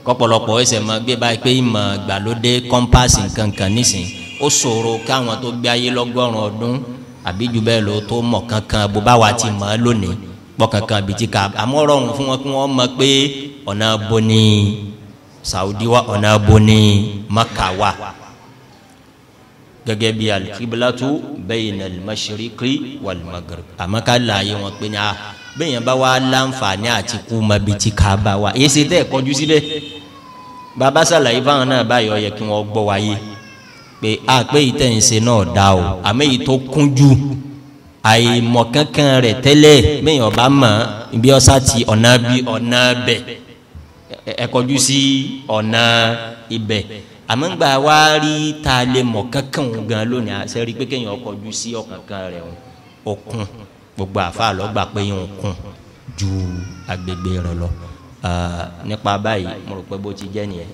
[SPEAKER 1] kọpọlọpọ ẹsẹ ma gbé báyìí pé ìmọ̀ gbàlódé kọ́mpásì kankan nísìnyí ó ṣòro káwọn tó gbé ayé lọ́gọ́rùn ọdún àbí jù bẹ́ẹ̀ tó mọ̀ kankan bó ti mọ̀ lónìí pọ̀ kankan bíi ti ka fún wọn kí wọ́n mọ̀ pé ọ̀nà bo Saudi wa ọ̀nà bo ni gẹ́gẹ́ bí alikibulatu bayna al-mashriqi wal-maghrib àmọ́ ká láàyè wọn pé ní a ah, bẹ́yẹn bá wà láǹfààní àti kú mọbi tí ká bá wa èyí ṣe tẹ́ kọjú síbẹ̀ bàbá sàlàyé fáwọn náà báyọ̀ yẹ kí wọ́n gbọ́ wáyé pé a ah, pé yìí náà dá o àmọ́ èyí tó kún jù àìmọ̀ kankan rẹ̀ tẹ́lẹ̀ bẹ́yẹn ọba mọ̀ ibi ọ̀sá ti ọ̀nà bí ọ̀nà bẹ̀ ẹ kọjú sí ọ̀nà ibẹ̀ àmọ́ gbà wá rí ta lè mọ̀ kankan gan lónìí àṣẹ rí pé kéèyàn ọkọ̀ ju sí ọ̀kankan rẹ̀ òkun gbogbo àfa lọ́gbà pé yóò kún ju agbègbè rẹ̀ lọ nípa báyìí mo rò pé bó ti jẹ́ nìyẹn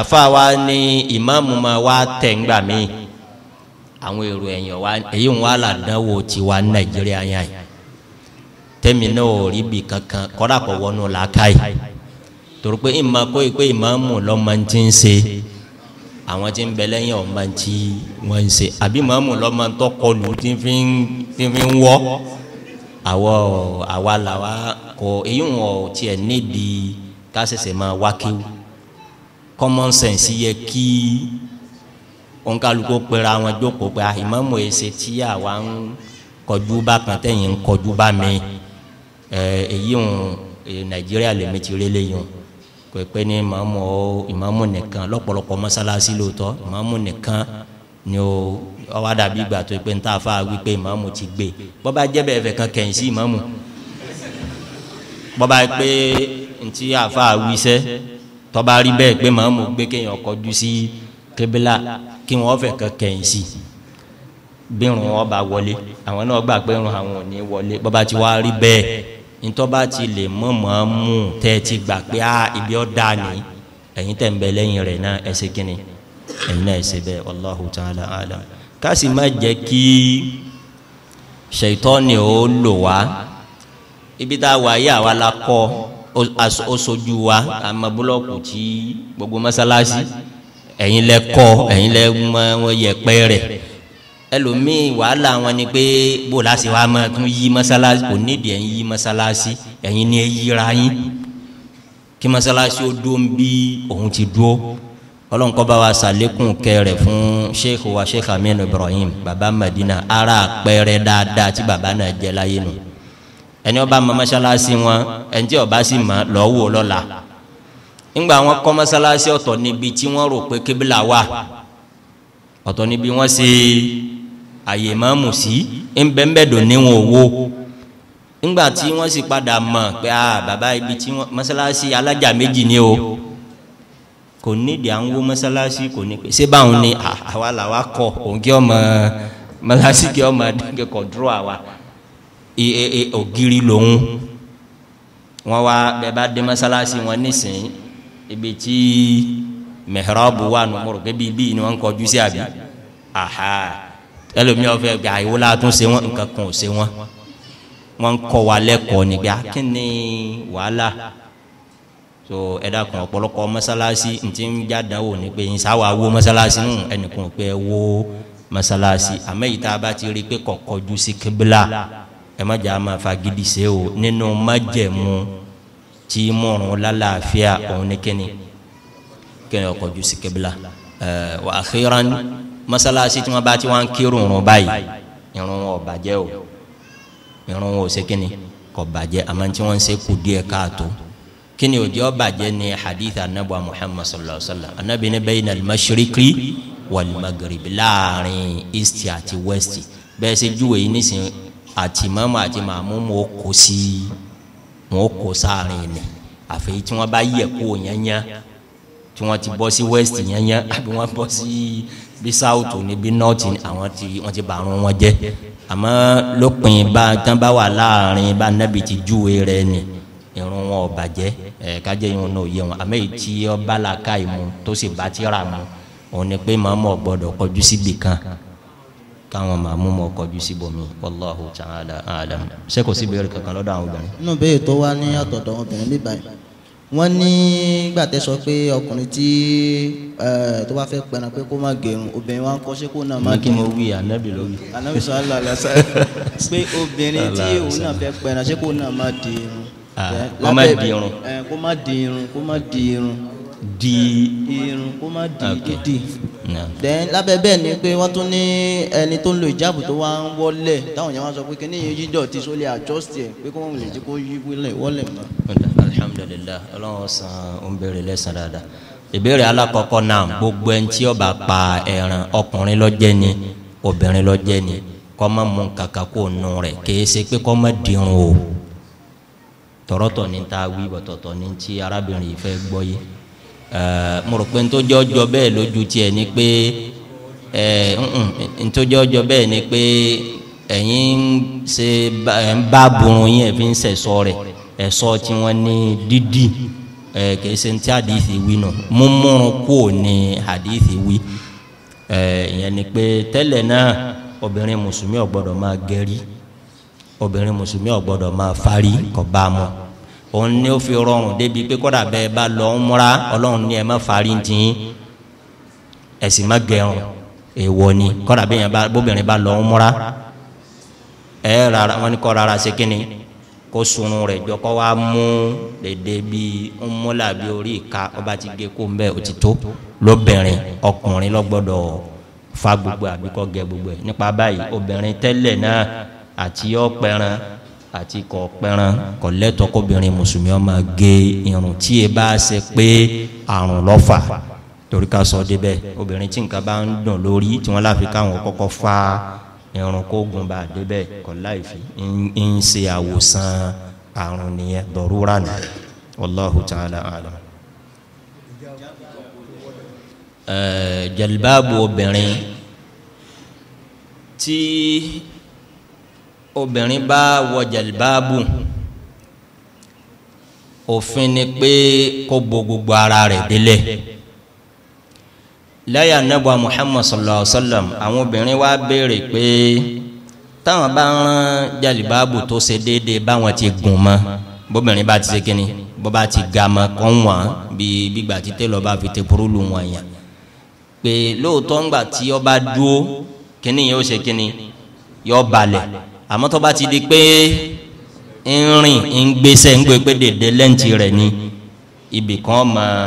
[SPEAKER 1] àfa wa ní ìmáàmù ma wá tẹ̀ ńgbà mí àwọn èrò ẹ̀yàn wa èyí ń wá làdánwò tiwa Nàìjíríà yẹn tẹ́mi náà ò rí bi kankan kọ́dà kọ́ wọnú làákàyè torí pé ìmọ̀ kó yìí pé ìmáàmù lọ́ máa ti ń ṣe àwọn tí ń bẹ lẹ́yìn ọ̀ máa ti wọ́n ń ṣe àbí ìmáàmù lọ́ máa tọ́ kọlù tí fi ń tí fi ń wọ́ àwọ̀ àwa làwa kọ èyí wọn ò tiẹ̀ níbi ká ṣẹ̀ṣẹ̀ máa wákíw common sense yẹ kí onkaluko pera wọn jókòó pé ìmáàmù èsè tí àwa ń kọjú bá kan tẹ̀yìn ń kọjú bá mi èyí ń Nàìjíríà lèmi ti rí léyìn o pẹ̀pẹ́ ní ìmáàmù ọ ìmáàmù nìkan lọ́pọ̀lọpọ̀ mọ́sálásí lóòótọ́ ìmáàmù nìkan ni ó ọwọ́ dàbí ìgbà tó pé níta fà wípé ìmáàmù ti gbé bọ́bá jẹ́ bẹ́ẹ̀ fẹ́ kan kẹ̀yìn sí ìmáàmù bọ́bá pé ntí àfa àwíṣẹ́ tọ́ba rí bẹ́ẹ̀ pé ìmáàmù gbé kéèyàn kọjú sí kébélà kí wọ́n fẹ́ kan kẹ̀yìn sí bírun ọba wọlé àwọn náà gbà pé irun àwọn ò ní wọlé bọ́bá ti wá rí bẹ́ẹ̀ ntọ́ba ti lè mọ̀ mọ́ mú tẹ́ ti gbà pé a ah, ibi ọ́ da ni ẹ̀yin tẹ̀ ń bẹ lẹ́yìn rẹ̀ náà ẹ ṣe kíni ẹ̀yin náà ẹ ṣe bẹ́ẹ̀ Allahu ta'ala alam káàsì má jẹ́ kí ṣètọ́ni ó lò wá ibi tá a wà yí la kọ́ ó wa àmọ́ búlọ́ọ̀kù gbogbo mọ́sálásí ẹ̀yin lẹ kọ́ ẹ̀yin lẹ mọ yẹpẹ́ rẹ̀ ẹlòmíì wàhálà wọn ni pé bó la ṣe wàá máa tún yí mọ́sálásí kò nídìí ẹ̀yin yí mọ́sálásí ẹ̀yin ni ẹ yíra yín kí mọ́sálásí ó dó ń bí òun ti dúó ọlọ́run bá wa ṣàlékún kẹrẹ̀ fún sheikh wa sheikh amin ibrahim baba madina ara àpẹẹrẹ dáadáa tí baba náà jẹ láyé nù ẹni ọba mọ mọ́sálásí wọn ẹni tí ọba sì mọ lọ́ọ́ wò lọ́la ńgbà wọn kọ́ mọ́sálásí ọ̀tọ̀ níbi tí wọ́n rò pé kébìlà wà ọ̀tọ̀ níbi wọ́n ṣe. Si àyè mọ́mù sí ńbẹ́ńbẹ́dọ̀ níwọ̀n owó ńgbà tí wọ́n sì padà mọ̀ pé a bàbá ibi tí wọ́n mọ́sálásí alájà méjì ni o kò nídìí à ń wó mọ́sálásí kò ní pé ṣé báwọn ni àwa làwa kọ òun kí ọmọ mọ́sálásí kí ọmọ kọ̀ dúró àwa e, e, ògiri lòun wọ́n wá bẹ́ẹ̀ bá dé mọ́sálásí wọn nísìnyí ibi tí mẹ̀hẹ́rọ́bù wà nù mọ̀rọ̀ pé bíi ni wọ́n kọjú sí àbí aha ẹlòmíì ọ̀fẹ́ gbà ìwọ la tún ṣe wọn nǹkan kan ò ṣe wọn wọn ń kọ́ wa lẹ́kọ̀ọ́ nígbà kí ni wàhálà so ẹ dákun ọ̀pọ̀lọpọ̀ mọ́sálásí ntí ń jáde wò ní pé nsáwà wo mọ́sálásí nù ẹnìkan pé wo mọ́sálásí àmọ́ bá ti rí i pé kọ̀kọ́jú sí kébìlà ẹ má jà máa fa gidi ṣe o nínú májẹ̀mú tí mọ̀rún lálàáfíà òun ní kíni kíni ọkọ̀jú sí kébìlà ẹ wà á xíran mọ́sálásí tí wọ́n bá ti wọ́n kírun rún báyìí irun wọn ò bàjẹ́ o irun wọn ò ṣe kíni tí wọ́n ń kù díẹ̀ káàtó kíni òjò bàjẹ́ ni hadith anabu muhammad sallallahu alaihi wa sallam anabi ni bayna al-mashriqi wal-maghribi láàrin east àti west bẹ́ẹ̀ ṣe júwe yìí nísìnyí àti mọ́mọ́ àti màmú mo kò sí mo kò sáàrin ni àfi tí wọ́n bá yẹ kó yẹn tí wọ́n ti bọ́ sí west yẹn àbí wọ́n bọ́ sí. Si bí sáwùtù ni bí nọ́ọ̀tì ni àwọn ti wọ́n ti bàrún wọn jẹ́ àmọ́ lópin bá tán bá wà láàrin bá nẹ́bi ti júwe rẹ ni irun wọn ò bàjẹ́ ẹ̀ kájẹ́ irun náà yé wọn àmọ́ èyí tí ó bá la ká ìmú tó sì bá ti rà mú òun ni pé màmú ò gbọ́dọ̀ kọjú síbi kan káwọn màmú mọ kọjú síbòmí wallahu ta'ala alam ṣé kò sí béèrè kankan lọ́dọ̀ àwọn obìnrin. inú
[SPEAKER 2] bẹ́ẹ̀ tó wá ní àtọ̀dọ̀ obìnrin bíbáyìí wọ́n ní gbà tẹ́ sọ pé ọkùnrin tí tó bá fẹ́ pẹ̀ràn pé kó má gẹ̀rùn obìnrin wa ń kọ́ sí kó náà má gẹ̀rùn. mo wí anabi
[SPEAKER 1] ló wí. anabi sọ
[SPEAKER 2] ala lasa pé obìnrin tí òun náà fẹ́ pẹ̀ràn sí kó náà má di irun. kó má di irun. kó má di irun kó má di irun
[SPEAKER 1] di
[SPEAKER 2] irun kó má
[SPEAKER 1] di dídì
[SPEAKER 2] then lábẹ́ bẹ́ẹ̀ ni pé wọ́n tún ní ẹni tó ń lo ìjáàbù tó wá ń wọlé táwọn yẹn wá sọ pé kí ní yíyídọ̀ tí sólè adjust ẹ̀ pé kó wọ́n lè jẹ́ kó yí
[SPEAKER 1] wọlé mọ́. alhamdulillah ọlọ́run san ń bèrè lẹ́sàn dáadáa ìbéèrè alákọ̀ọ́kọ́ náà gbogbo ẹni tí ó bá pa ẹran ọkùnrin lọ́jẹ́ ni obìnrin lọ́jẹ́ ni kọ́ má mú kàkà kó nu rẹ̀ kìí ṣe pé kọ́ má dirun o tọ̀rọ̀tọ̀ ni ta wí bọ̀tọ̀tọ̀ ni ti arábìnrin yìí fẹ́ gbọ́ yìí Eh, mo rò pé ntọ́jọ́ jọ bẹ́ẹ̀ lójú tiẹ̀ ni pé eh, ntọ́jọ́ jọ bẹ́ẹ̀ ni pé ẹ̀yin ń ṣe ń bá burun yín ẹ̀ fi ń sẹ̀sọ rẹ̀ ẹ̀sọ tí wọ́n ní dídì eh, kìí ṣe ti àdìsí wí nù múmúrun kù ní àdìsí wí ìyẹn ni pé tẹ́lẹ̀ náà obìnrin mùsùlùmí ò gbọ́dọ̀ máa gẹ̀rí obìnrin mùsùlùmí ò gbọ́dọ̀ máa fárí kọ́ bá a mọ́ òun ni ó fi rọrùn débi pé kọ́dà bẹ́ẹ̀ bá lọ ń múra ọlọ́run ní ẹ má farí tì í ẹ̀sìn má gẹrun èèwọ̀ ni kọ́dà bẹ́ẹ̀ bóbìnrin bá lọ ń múra ẹ rárá wọn ni kọ́ rárá ṣe kí kó sunun rẹ̀ jọ kọ́ wa mú dèdè bíi ń múlà bí orí ìka ọba ti gé kó ń bẹ́ẹ̀ òtítọ́ lóbìnrin ọkùnrin lọ́gbọ́dọ̀ fa gbogbo àbíkọ́ gẹ gbogbo ẹ̀ nípa báyìí obìnrin tẹ́lẹ̀ náà àti ọ̀pẹ̀rẹ̀ àti kọ pẹran kọ lẹ́tọ̀ kóbìnrin mùsùlùmí ó máa gé irun tí e bá ṣe pé àrùn ló fà torí ká sọ débẹ̀ obìnrin tí nǹkan bá ń dùn lórí tí wọ́n láfi káwọn kọ́kọ́ fa irun kó gun bá débẹ̀ kọ láìfi ń ṣe àwòsàn àrùn nìyẹn dọ̀rúra nà wallahu ta'ala alam. jẹ̀lbáàbù obìnrin tí obìnrin bá wọ jẹ̀lbáàbù òfin ni pé kó bo gbogbo ara rẹ̀ délẹ̀ lẹ́yìn anábọ̀ muhammad sallallahu alayhi wa sallam àwọn obìnrin wá béèrè pé táwọn bá rán jẹ̀lbáàbù tó ṣe déédéé báwọn ti gùn mọ́ bóbìnrin bá ti ṣe kínní bó bá ti ga mọ́ kọ́ wọ́n bí gbígbà títẹ̀ lọ́ọ́ bá fi tẹ burúkú wọn yàn pé lóòótọ́ ńgbà tí ọba dúó kínní yóò ṣe kínní yóò balẹ̀ àmọ́ tó bá ti di pé ń rìn ń gbèsè ń gbé pé dèdè lẹ́ǹtì rẹ̀ ni ibì kan máa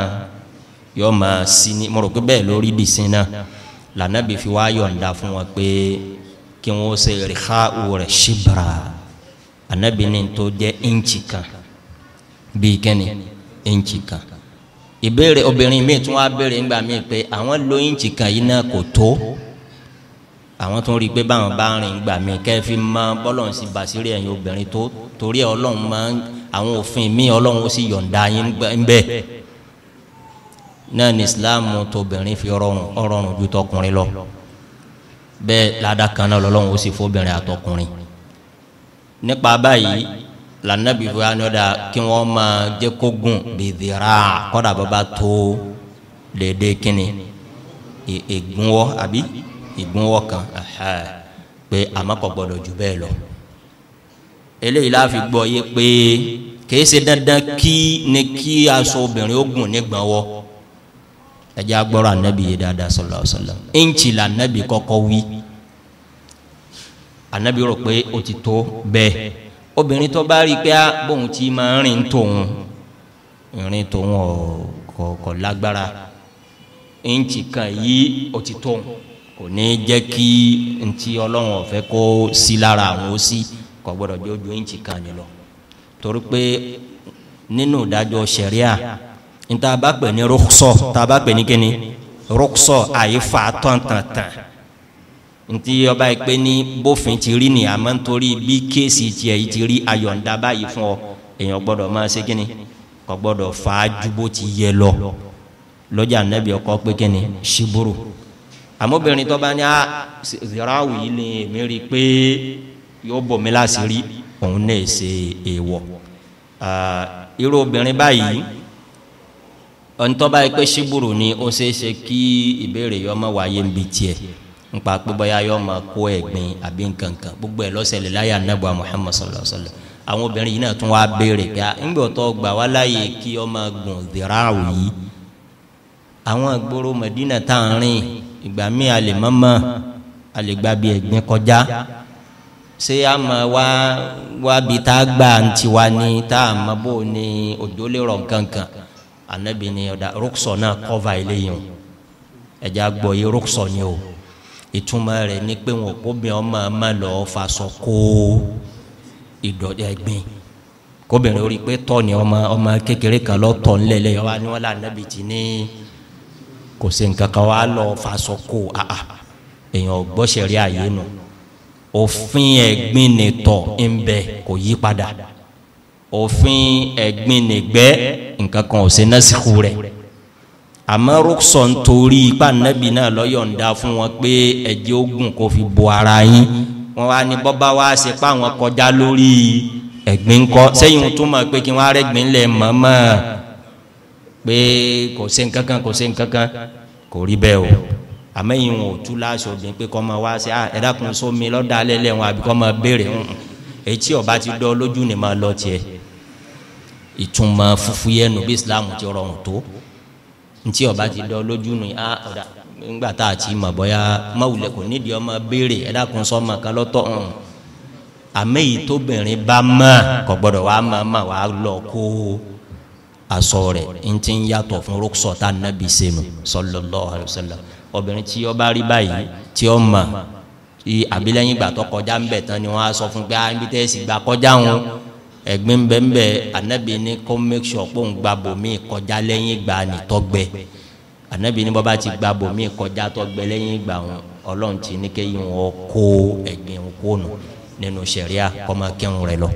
[SPEAKER 1] yọ máa sí ni mo rò pé bẹ́ẹ̀ lórí dì sí náà lànàbí fi wá yọ̀ǹda fún wọn pé kí wọ́n ṣe rìkà rẹ̀ ṣibra ànàbí ni tó jẹ́ íǹchì kan bíi kẹ́ni íǹchì kan ìbéèrè obìnrin mi tún wá béèrè ńgbà mi pé àwọn lo íǹchì kan yìí náà kò tó àwọn tó ń rí i pé báwọn bá rìn gbà mí kẹfì máa bọ́lọ̀ ń sì bàṣírí ẹ̀yin obìnrin tó torí ẹ̀ ọlọ́run máa ń àwọn òfin míì ọlọ́run ó sì yọ̀ǹda yín bẹ́ẹ̀ náà ní islam tóbìnrin fi rọrùn ọrọrùn ju tọkùnrin lọ bẹ́ẹ̀ ládàá kan náà lọ́lọ́run ó sì fóbìnrin àtọkùnrin nípa báyìí lànàbí fún anọ́dà kí wọ́n máa jẹ́ kó gùn bìdìrà kọ́dà bàbá tó déédéé kínni ègún wọ́ àbí. E, e, ìgbúnwọ́ kan pé àmọ́kọ̀ gbọ́dọ̀ jù bẹ́ẹ̀ lọ eléyìí la gbọ́ yé pé kìí ṣe dandan kí ni kí aṣọ obìnrin ó gùn anabi dáadáa anabi wí anabi rò pé o ti tó obìnrin tó bá rí i pé bóun ti máa rìn rìn ti tóun. kò ní jẹ́ kí ntí ọlọ́run ọ̀fẹ́ kó sí lára àwọn ó sí kò gbọ́dọ̀ jẹ́ ojú ìǹtì kan ni lọ torí pé nínú ìdájọ́ ṣẹ̀ríà níta bá pè ní rúkṣọ tá bá pè ní kíni rúkṣọ àyífà tọ̀ntàntàn ntí ọba yìí pé ní bófin ti rí ni àmọ́ nítorí bí kéèsì tiẹ̀ yìí ti rí ayọ̀ǹda báyìí fún ọ èèyàn gbọ́dọ̀ máa ṣe kíni kò gbọ́dọ̀ fàájú bó ti yẹ lọ lọ́jà nẹ́bí ọkọ pé kíni ṣíbúrú àmọ́bìnrin tó bá ní zirawu ah, yìí ni èmi rí i pé yóò bọ̀ mí láṣìírí òun náà ṣe èèwọ̀ irú obìnrin báyìí ọ̀ntọ́ báyìí pé ṣíbùrù ni ó ṣeé ṣe kí ìbéèrè yọ ọmọ wáyé ń bi tiẹ̀ nípa pé yọ ọmọ kó ẹ̀gbin àbí nkankan gbogbo ẹ̀ lọ́sẹ̀lẹ̀ láyé anábọ̀ Muhammad sallallahu alaihi wasallam àwọn obìnrin yìí náà tún wá béèrè pé ńgbà ah, tó gbà wá láàyè kí ọmọ gùn zirawu yìí àwọn àgbòrò Madina tá ń rìn ìgbà míì a lè mọ́mọ́ a lè gba bí ẹ̀gbin kọjá ṣé a mọ̀ wá wá bi tá a gbà ń tiwa ni tá a mọ̀ bó ni òjò lè rọ̀ nkankan anabi ni ọ̀dà rúkṣọ̀ náà kọ́va eléyìí o ẹ̀jẹ̀ àgbọ̀ yìí rúkṣọ̀ ni o ìtumọ̀ rẹ̀ ni pé wọn kò bí ọmọ ọmọ lọ fasọ kó ìdọ̀dẹ̀ gbin kóbìnrin orí pé tọ́ ni ọmọ ọmọ kékeré kan lọ tọ̀ ńlẹ̀ lẹ́yìn wa ni wọ́n lé anabi ti ní kò sí nǹkan kan wá lọ faṣọ kó àà èèyàn gbọ́sẹ̀rí àyè nù òfin ẹ̀gbin nìtọ̀ ń bẹ kò yí padà òfin ẹ̀gbin nìgbẹ́ nǹkan kan ò sí násìkò rẹ̀ àmọ́ rúkṣọ̀ ń torí ipá nẹ́bí náà lọ́yọ̀ǹda fún wọn pé ẹ̀jẹ̀ ogun kò fi bo ara yín wọn wá ní bọ́bá wá ṣe pa àwọn kọjá lórí ẹ̀gbin kọ́ sẹ́yìn tó mọ̀ pé kí wọ́n á rẹ́gbin lẹ̀ mọ́mọ́ ẹ̀ pé kò ṣe nǹkankan kò ṣe nǹkankan kò rí bẹ́ẹ̀ o àmẹ́yìn wọn ò tú láṣọ obìnrin pé kọ́ ma wá sí ah, ẹ dákun sómi lọ́dà lẹ́lẹ̀ wọn àbí kọ́ ma béèrè wọn etí ọba ti dọ́ lójú ni ma lọ tiẹ̀ ìtumọ̀ fufu yẹn nu bí Islam ti rọrùn tó ntí ọba ti dọ́ lójú ni a ah, ọ̀dà ńgbà tá a ti mọ̀ bọ́yá mọ̀wulẹ̀ kò nídìí ọmọ béèrè ẹ dákun sọ́mọ kan lọ́tọ̀ ọ̀hún àmẹ́yìn tóbìnrin bá mọ̀ kò gbọ́dọ̀ wá mọ̀ mọ̀ wá lọ kó aṣọ rẹ̀ ń ti ń fún rúkṣọ tá nàbì sẹnu sallallahu alaihi wasallam obìnrin tí ó bá rí báyìí tí ó mà tí àbílẹ̀yìn ìgbà tó kọjá ń bẹ̀ tán ni wọ́n á sọ fún pé á ah, níbi tẹ́sí gba kọjá wọn ẹ̀gbin bẹ́ẹ̀nbẹ́ anabi ni kó make sure pé òun gba bòmí kọjá lẹ́yìn ìgbà nìtọ́gbẹ anabi ni bọ́ba ti gba bòmí kọjá tọ́gbẹ lẹ́yìn ìgbà wọn ọlọ́run ti ní kéyìn wọn kó ẹ̀gbin kó nù nínú sẹ̀ríà kọ́mọ kẹ́hùn rẹ lọ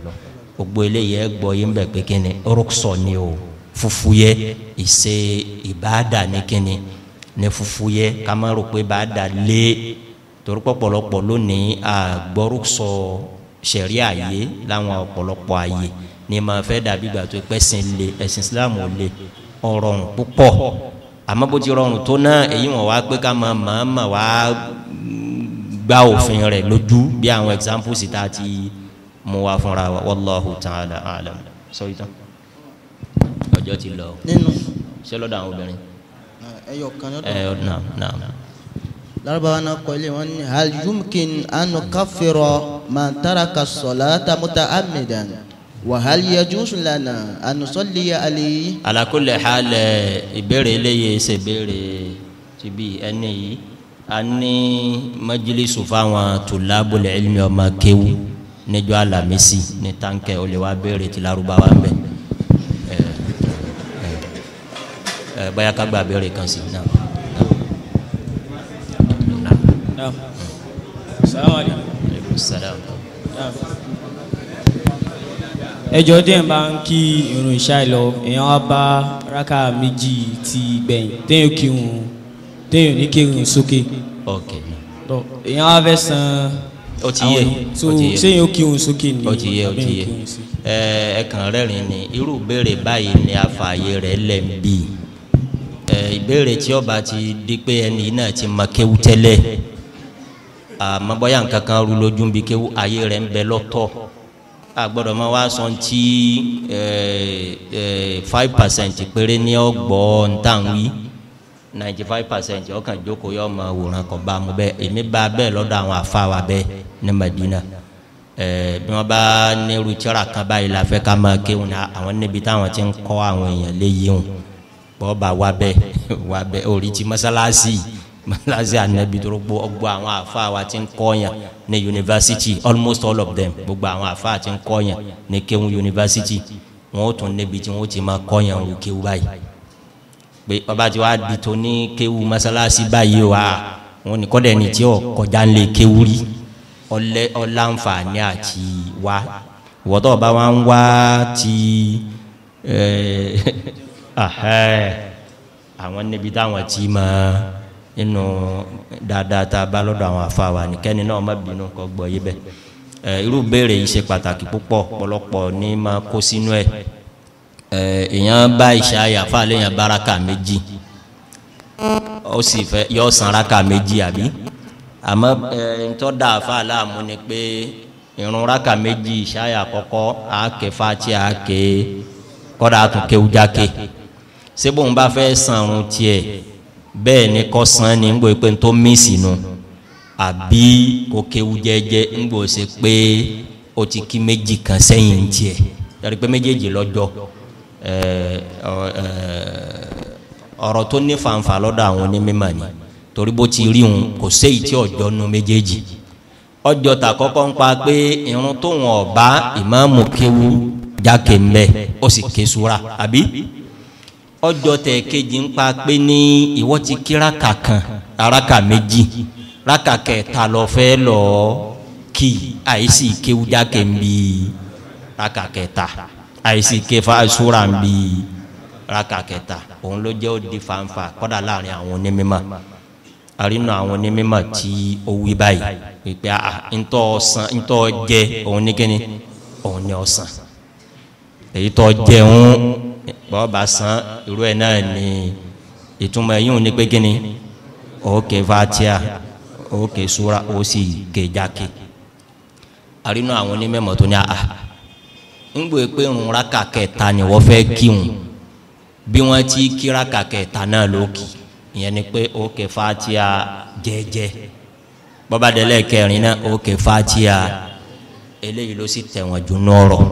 [SPEAKER 1] gbogbo eléyìí ẹ yín bẹ̀ pé kíni rúkṣọ ni o fufu yẹ ìṣe ìbáàdà ní kíni ní fufu yẹ ká má rò pé báàdà lé torí pọ̀pọ̀lọpọ̀ lónìí àgbọ̀rúsọ sẹ̀ríà yé láwọn ọ̀pọ̀lọpọ̀ àyè ní ma fẹ́ dàbí gbà tó pẹ́sìn lé ẹ̀sìn Islam ò lé ọ̀rọ̀rùn púpọ̀ àmọ́ bó ti rọrùn tó náà èyí wọn wá pé ká máa máa máa wá gba òfin rẹ̀ lójú bí àwọn examples tá a ti mú wa fúnra wa wallahu ta'ala alam sọ yìí tán ọjọ́ ti lọ. nínú. ṣé lọ́dọ̀ àwọn obìnrin. ẹyọ kan lọ́dọ̀. ẹyọ naam naam.
[SPEAKER 2] larabawa náà kọ ilé wọn ni hal yumkin an kafiro man taraka salata muta'ammidan wa hal yajuzu lana an nusalli alayhi.
[SPEAKER 1] ala kulli hal ìbéèrè eléyìí ṣe béèrè tìbí ẹni yìí a ní majilisu fáwọn tulabul ilmi ọmọ kéwú níjọ́ Àlàmísì ní táǹkẹ́ olè wa béèrè ti Lárúbáwá ń bẹ̀. Eh, bóyá ká gba abẹ́rẹ́ kan sí náà.
[SPEAKER 2] ẹjọ́ díẹ̀ bá ń kí irun ìṣá ìlọ èèyàn wá bá rákà méjì ti gbẹ̀yìn téèyàn kírun téèyàn ní kírun sókè
[SPEAKER 1] èèyàn wá fẹ́ san ó ti yé ó ti yé ṣé yóò kí òun sókè ni ó ti yé ó ti yé ẹ eh, ẹ kàn rẹ́rìn ni irú béèrè báyìí ni àfààyè rẹ̀ lẹ̀ ń ẹ ìbéèrè tí ọba ti di pé ẹni náà ti mọ kéwu tẹ́lẹ̀ àmọ́ bóyá nǹkan kan rú lójú bí kéwu ayé rẹ̀ ń bẹ lọ́tọ̀ a máa wá sọ ti five percent péré ní ọgbọ́ ntàwí ninety five percent ọkàn jókòó yọ ọmọ wòran kọ bá mu bẹ́ẹ̀ èmi bá bẹ́ẹ̀ lọ́dọ̀ àwọn afáwa bẹ́ẹ̀ ní Madina bí wọ́n bá nírú tíra kan báyìí la fẹ́ ká máa kéwọn àwọn níbi táwọn ti ń kọ́ àwọn èèyàn léyìí hùn bọ́ọ̀bà wa bẹ́ẹ̀ wa bẹ́ẹ̀ orí ti mọ́sálásí mọ́sálásí ànábi tó gbọ́ àwọn àfa wa ti ń ne ní almost all of them gbogbo àwọn àfa ti ń ne ní kéwọ́n yunifásitì wọn ó tún níbi tí wọn ó ti máa kọ́yàn òun kéwù báyìí pé ọba tí wàá di tó ní kéwù mọ́sálásí báyìí wa wọn ní kọ́dẹ̀ ní tí ò kọjá ń lè kéwù rí ọlẹ́ ọláǹfààní àti wa ìwọ́tọ̀ ọba wa ń wá ti ẹ̀ẹ́. Eh, [laughs] àwọn níbi táwọn tí máa nínú dáadáa tá a bá lọ́dọ̀ àwọn afáwa nìkẹ́ni náà má bínú kọ́ gbọ́ yí bẹ́ẹ̀ irú béèrè yìí ṣe pàtàkì púpọ̀ pọ̀lọpọ̀ ní máa kó sínú ẹ̀ èèyàn bá ìṣáyà fáàlẹ́ yẹn báraka méjì ó sì fẹ́ yọ sanraka méjì àbí àmọ́ ntọ́da fáàlẹ́ àmú ni pé irun raka méjì ìṣáyà kọ́kọ́ àáké fàtí àáké kọ́dà àtúnkéwújáké. sebo ń bá fẹ́ sanrun tiẹ̀ bẹ́ẹ̀ ni san ni ńgbò pé tó mí nụ abi kò kéwu jẹ́jẹ́ ńgbò ṣe o ti kan sẹ́yìn tiẹ̀ yàrá pé méjèèjì lọ́jọ́ ọ̀rọ̀ tó ní fanfa ni torí bó ti rí òun kò séyìí tí ọjọ́ nu méjèèjì ọjọ́ kọ́kọ́ ń pa pé irun tó wọn ìmáàmù kéwu ọjọ́ tẹ̀ kejì ń pa pé ní ìwọ ti kí raka kan raka méjì raka kẹta lọ fẹ́ lọ kí àìsí kéwúdákẹ́ ń bí raka kẹta àìsí kéfa sura ń bí raka kẹta òun ló jẹ́ òdi fanfa kọ́dà láàrin àwọn onímọ̀ àrínà àwọn onímọ̀ tí ó wí báyìí pé pé àà ntọ́ ọ̀sán ntọ́ jẹ òun ní kíni òun ní ọ̀sán. èyí tó jẹun bọ́ọ̀bà san irú ẹ̀ náà ni ìtumọ̀ ẹ̀yìn ò ní pé gíní òkè fatia òkè sura ó sì gèjàkè àrínú àwọn onímọ̀ tó ní a ń gbé pé ńlá ni wọ́n fẹ́ kíhun bí wọ́n ti kíra kàkẹ́ta náà lókì ìyẹn ni pé òkè fatia jẹ́jẹ́ bọ́ọ̀bà délẹ̀ kẹrin náà òkè fatia eléyìí ló sì tẹ̀wọ̀n jù nọ́ọ̀rọ̀.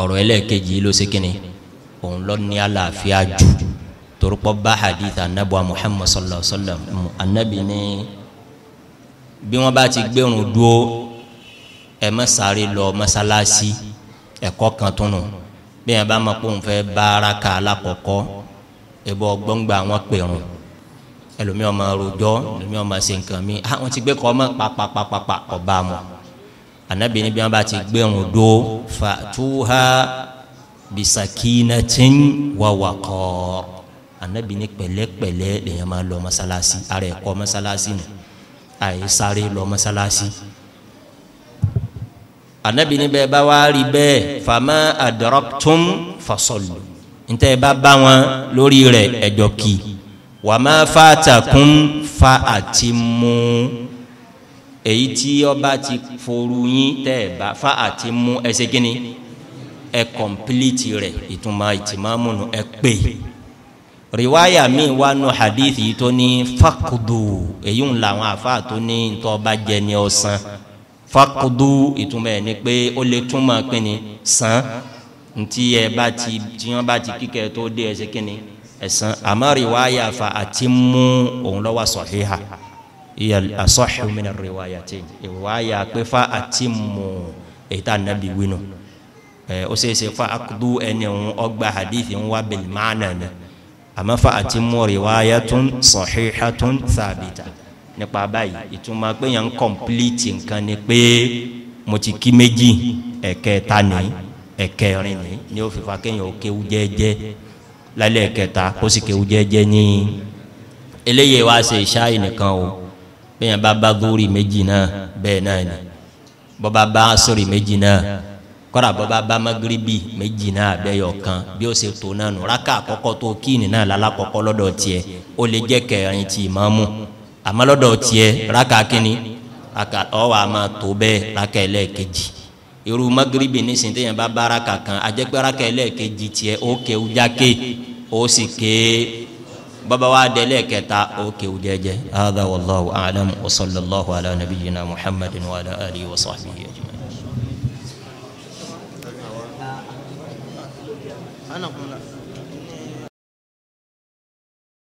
[SPEAKER 1] ọ̀rọ̀ ẹlẹ́ẹ̀kejì ló ṣe kíni òun lọ ní àlàáfíà jù torúpọ̀ bá hadith anabuwa muhammad sallallahu alaihi wa sallam anabi ni bí wọ́n bá ti gbẹ̀rún dúró ẹ má sáré lọ mọ́sálásí ẹ̀kọ́ kan tó nù bí yẹn bá mọ̀ pé òun fẹ́ bára ka alákọ̀ọ́kọ́ ìbọ̀ gbọ́ngbà wọn pèrún ẹlòmíọ́ máa rojọ́ ẹlòmíọ́ máa ṣe nǹkan mi àwọn ah, ti gbé kọ́ mọ́ pàpàpàpà ọba mọ́ anabi ni bí wọn bá ti gbẹrun do fatuha bisakinatin wawakor anabi ni pẹ̀lẹ́pẹ̀lẹ́ lèyàn máa lọ masalasi ara ẹkọ masalasi ni àyè sáré lọ masalasi anabi ni bẹ́ẹ̀ bá wá rí bẹ́ẹ̀ fama adaraktum fasọlù ntẹ bá bá wọn lórí rẹ̀ ẹjọ wàmà fàtàkùn fa àtìmú. Fa èyí tí ọba ti foru yín tẹ́ ẹ bá fa àti mú ẹsẹ gíní ẹ kọ̀mpilíìtì rẹ̀ ìtumọ̀ ìtìmọ̀mù ẹ pè riwaya mi wa nu hadithi tó ní fakudu èyí ń la àwọn afa tó ní ntọ́ba jẹ ní ọ̀sán fakudu ìtumọ̀ ẹ̀ ni pé ó lè túmọ̀ pé ní sàn ntí ẹ bá ti tí wọn bá ti kíkẹ́ tó dé ẹsẹ gíní ẹ̀sán àmọ́ riwaya fa àti mú òun lọ́wọ́ sọ̀híhà. So ìyẹn asọ́ṣù min ar-riwayatin ìwáyà pé fa àti mọ̀ èyí tá nàbí wínú ẹ̀ ó ṣeé ṣe fa akudu ẹni òun ọgbà hadith ń wá bil ma'na ni àmọ́ fa àti mọ̀ riwayatun sahihatun thabita nípa báyìí ìtumọ̀ pé yẹn ń kọ̀mplíìtì nǹkan ni pé mo ti kí méjì ẹ̀kẹta ní ẹ̀kẹrin ní ni ó fi fa kéèyàn ó kéwu jẹ́ẹ́jẹ́ lálẹ́ ẹ̀kẹta kó sì kéwu jẹ́ẹ́jẹ́ ní eléyìí wá ṣe ìṣáì nìkan o bẹ́ẹ̀ bá bá góòrì méjì náà bẹ́ẹ̀ náà ni bọ́ bá bá sọ̀rì méjì náà kọ́ra bọ́ bá bá magiribi méjì náà abẹ́yọ̀ kan bí ó ṣe tó náà nù rákà àkọ́kọ́ tó kíni náà lálákọ́kọ́ lọ́dọ̀ tiẹ̀ ó lè jẹ́ kẹrin ti ìmáàmù àmọ́ lọ́dọ̀ tiẹ̀ rákà kíni rákà ọ̀wà máa tó bẹ́ẹ̀ rákà ẹlẹ́ẹ̀kejì irú magiribi nísìnyí téèyàn bá bá rákà kan àjẹpẹ́ rákà ẹlẹ́ẹ̀kejì tiẹ̀ ó kéwú jákè ó sì ké بابا وادلك تا اوكي وجاجا هذا والله اعلم وصلى الله على نبينا محمد وعلى اله وصحبه
[SPEAKER 2] اجمعين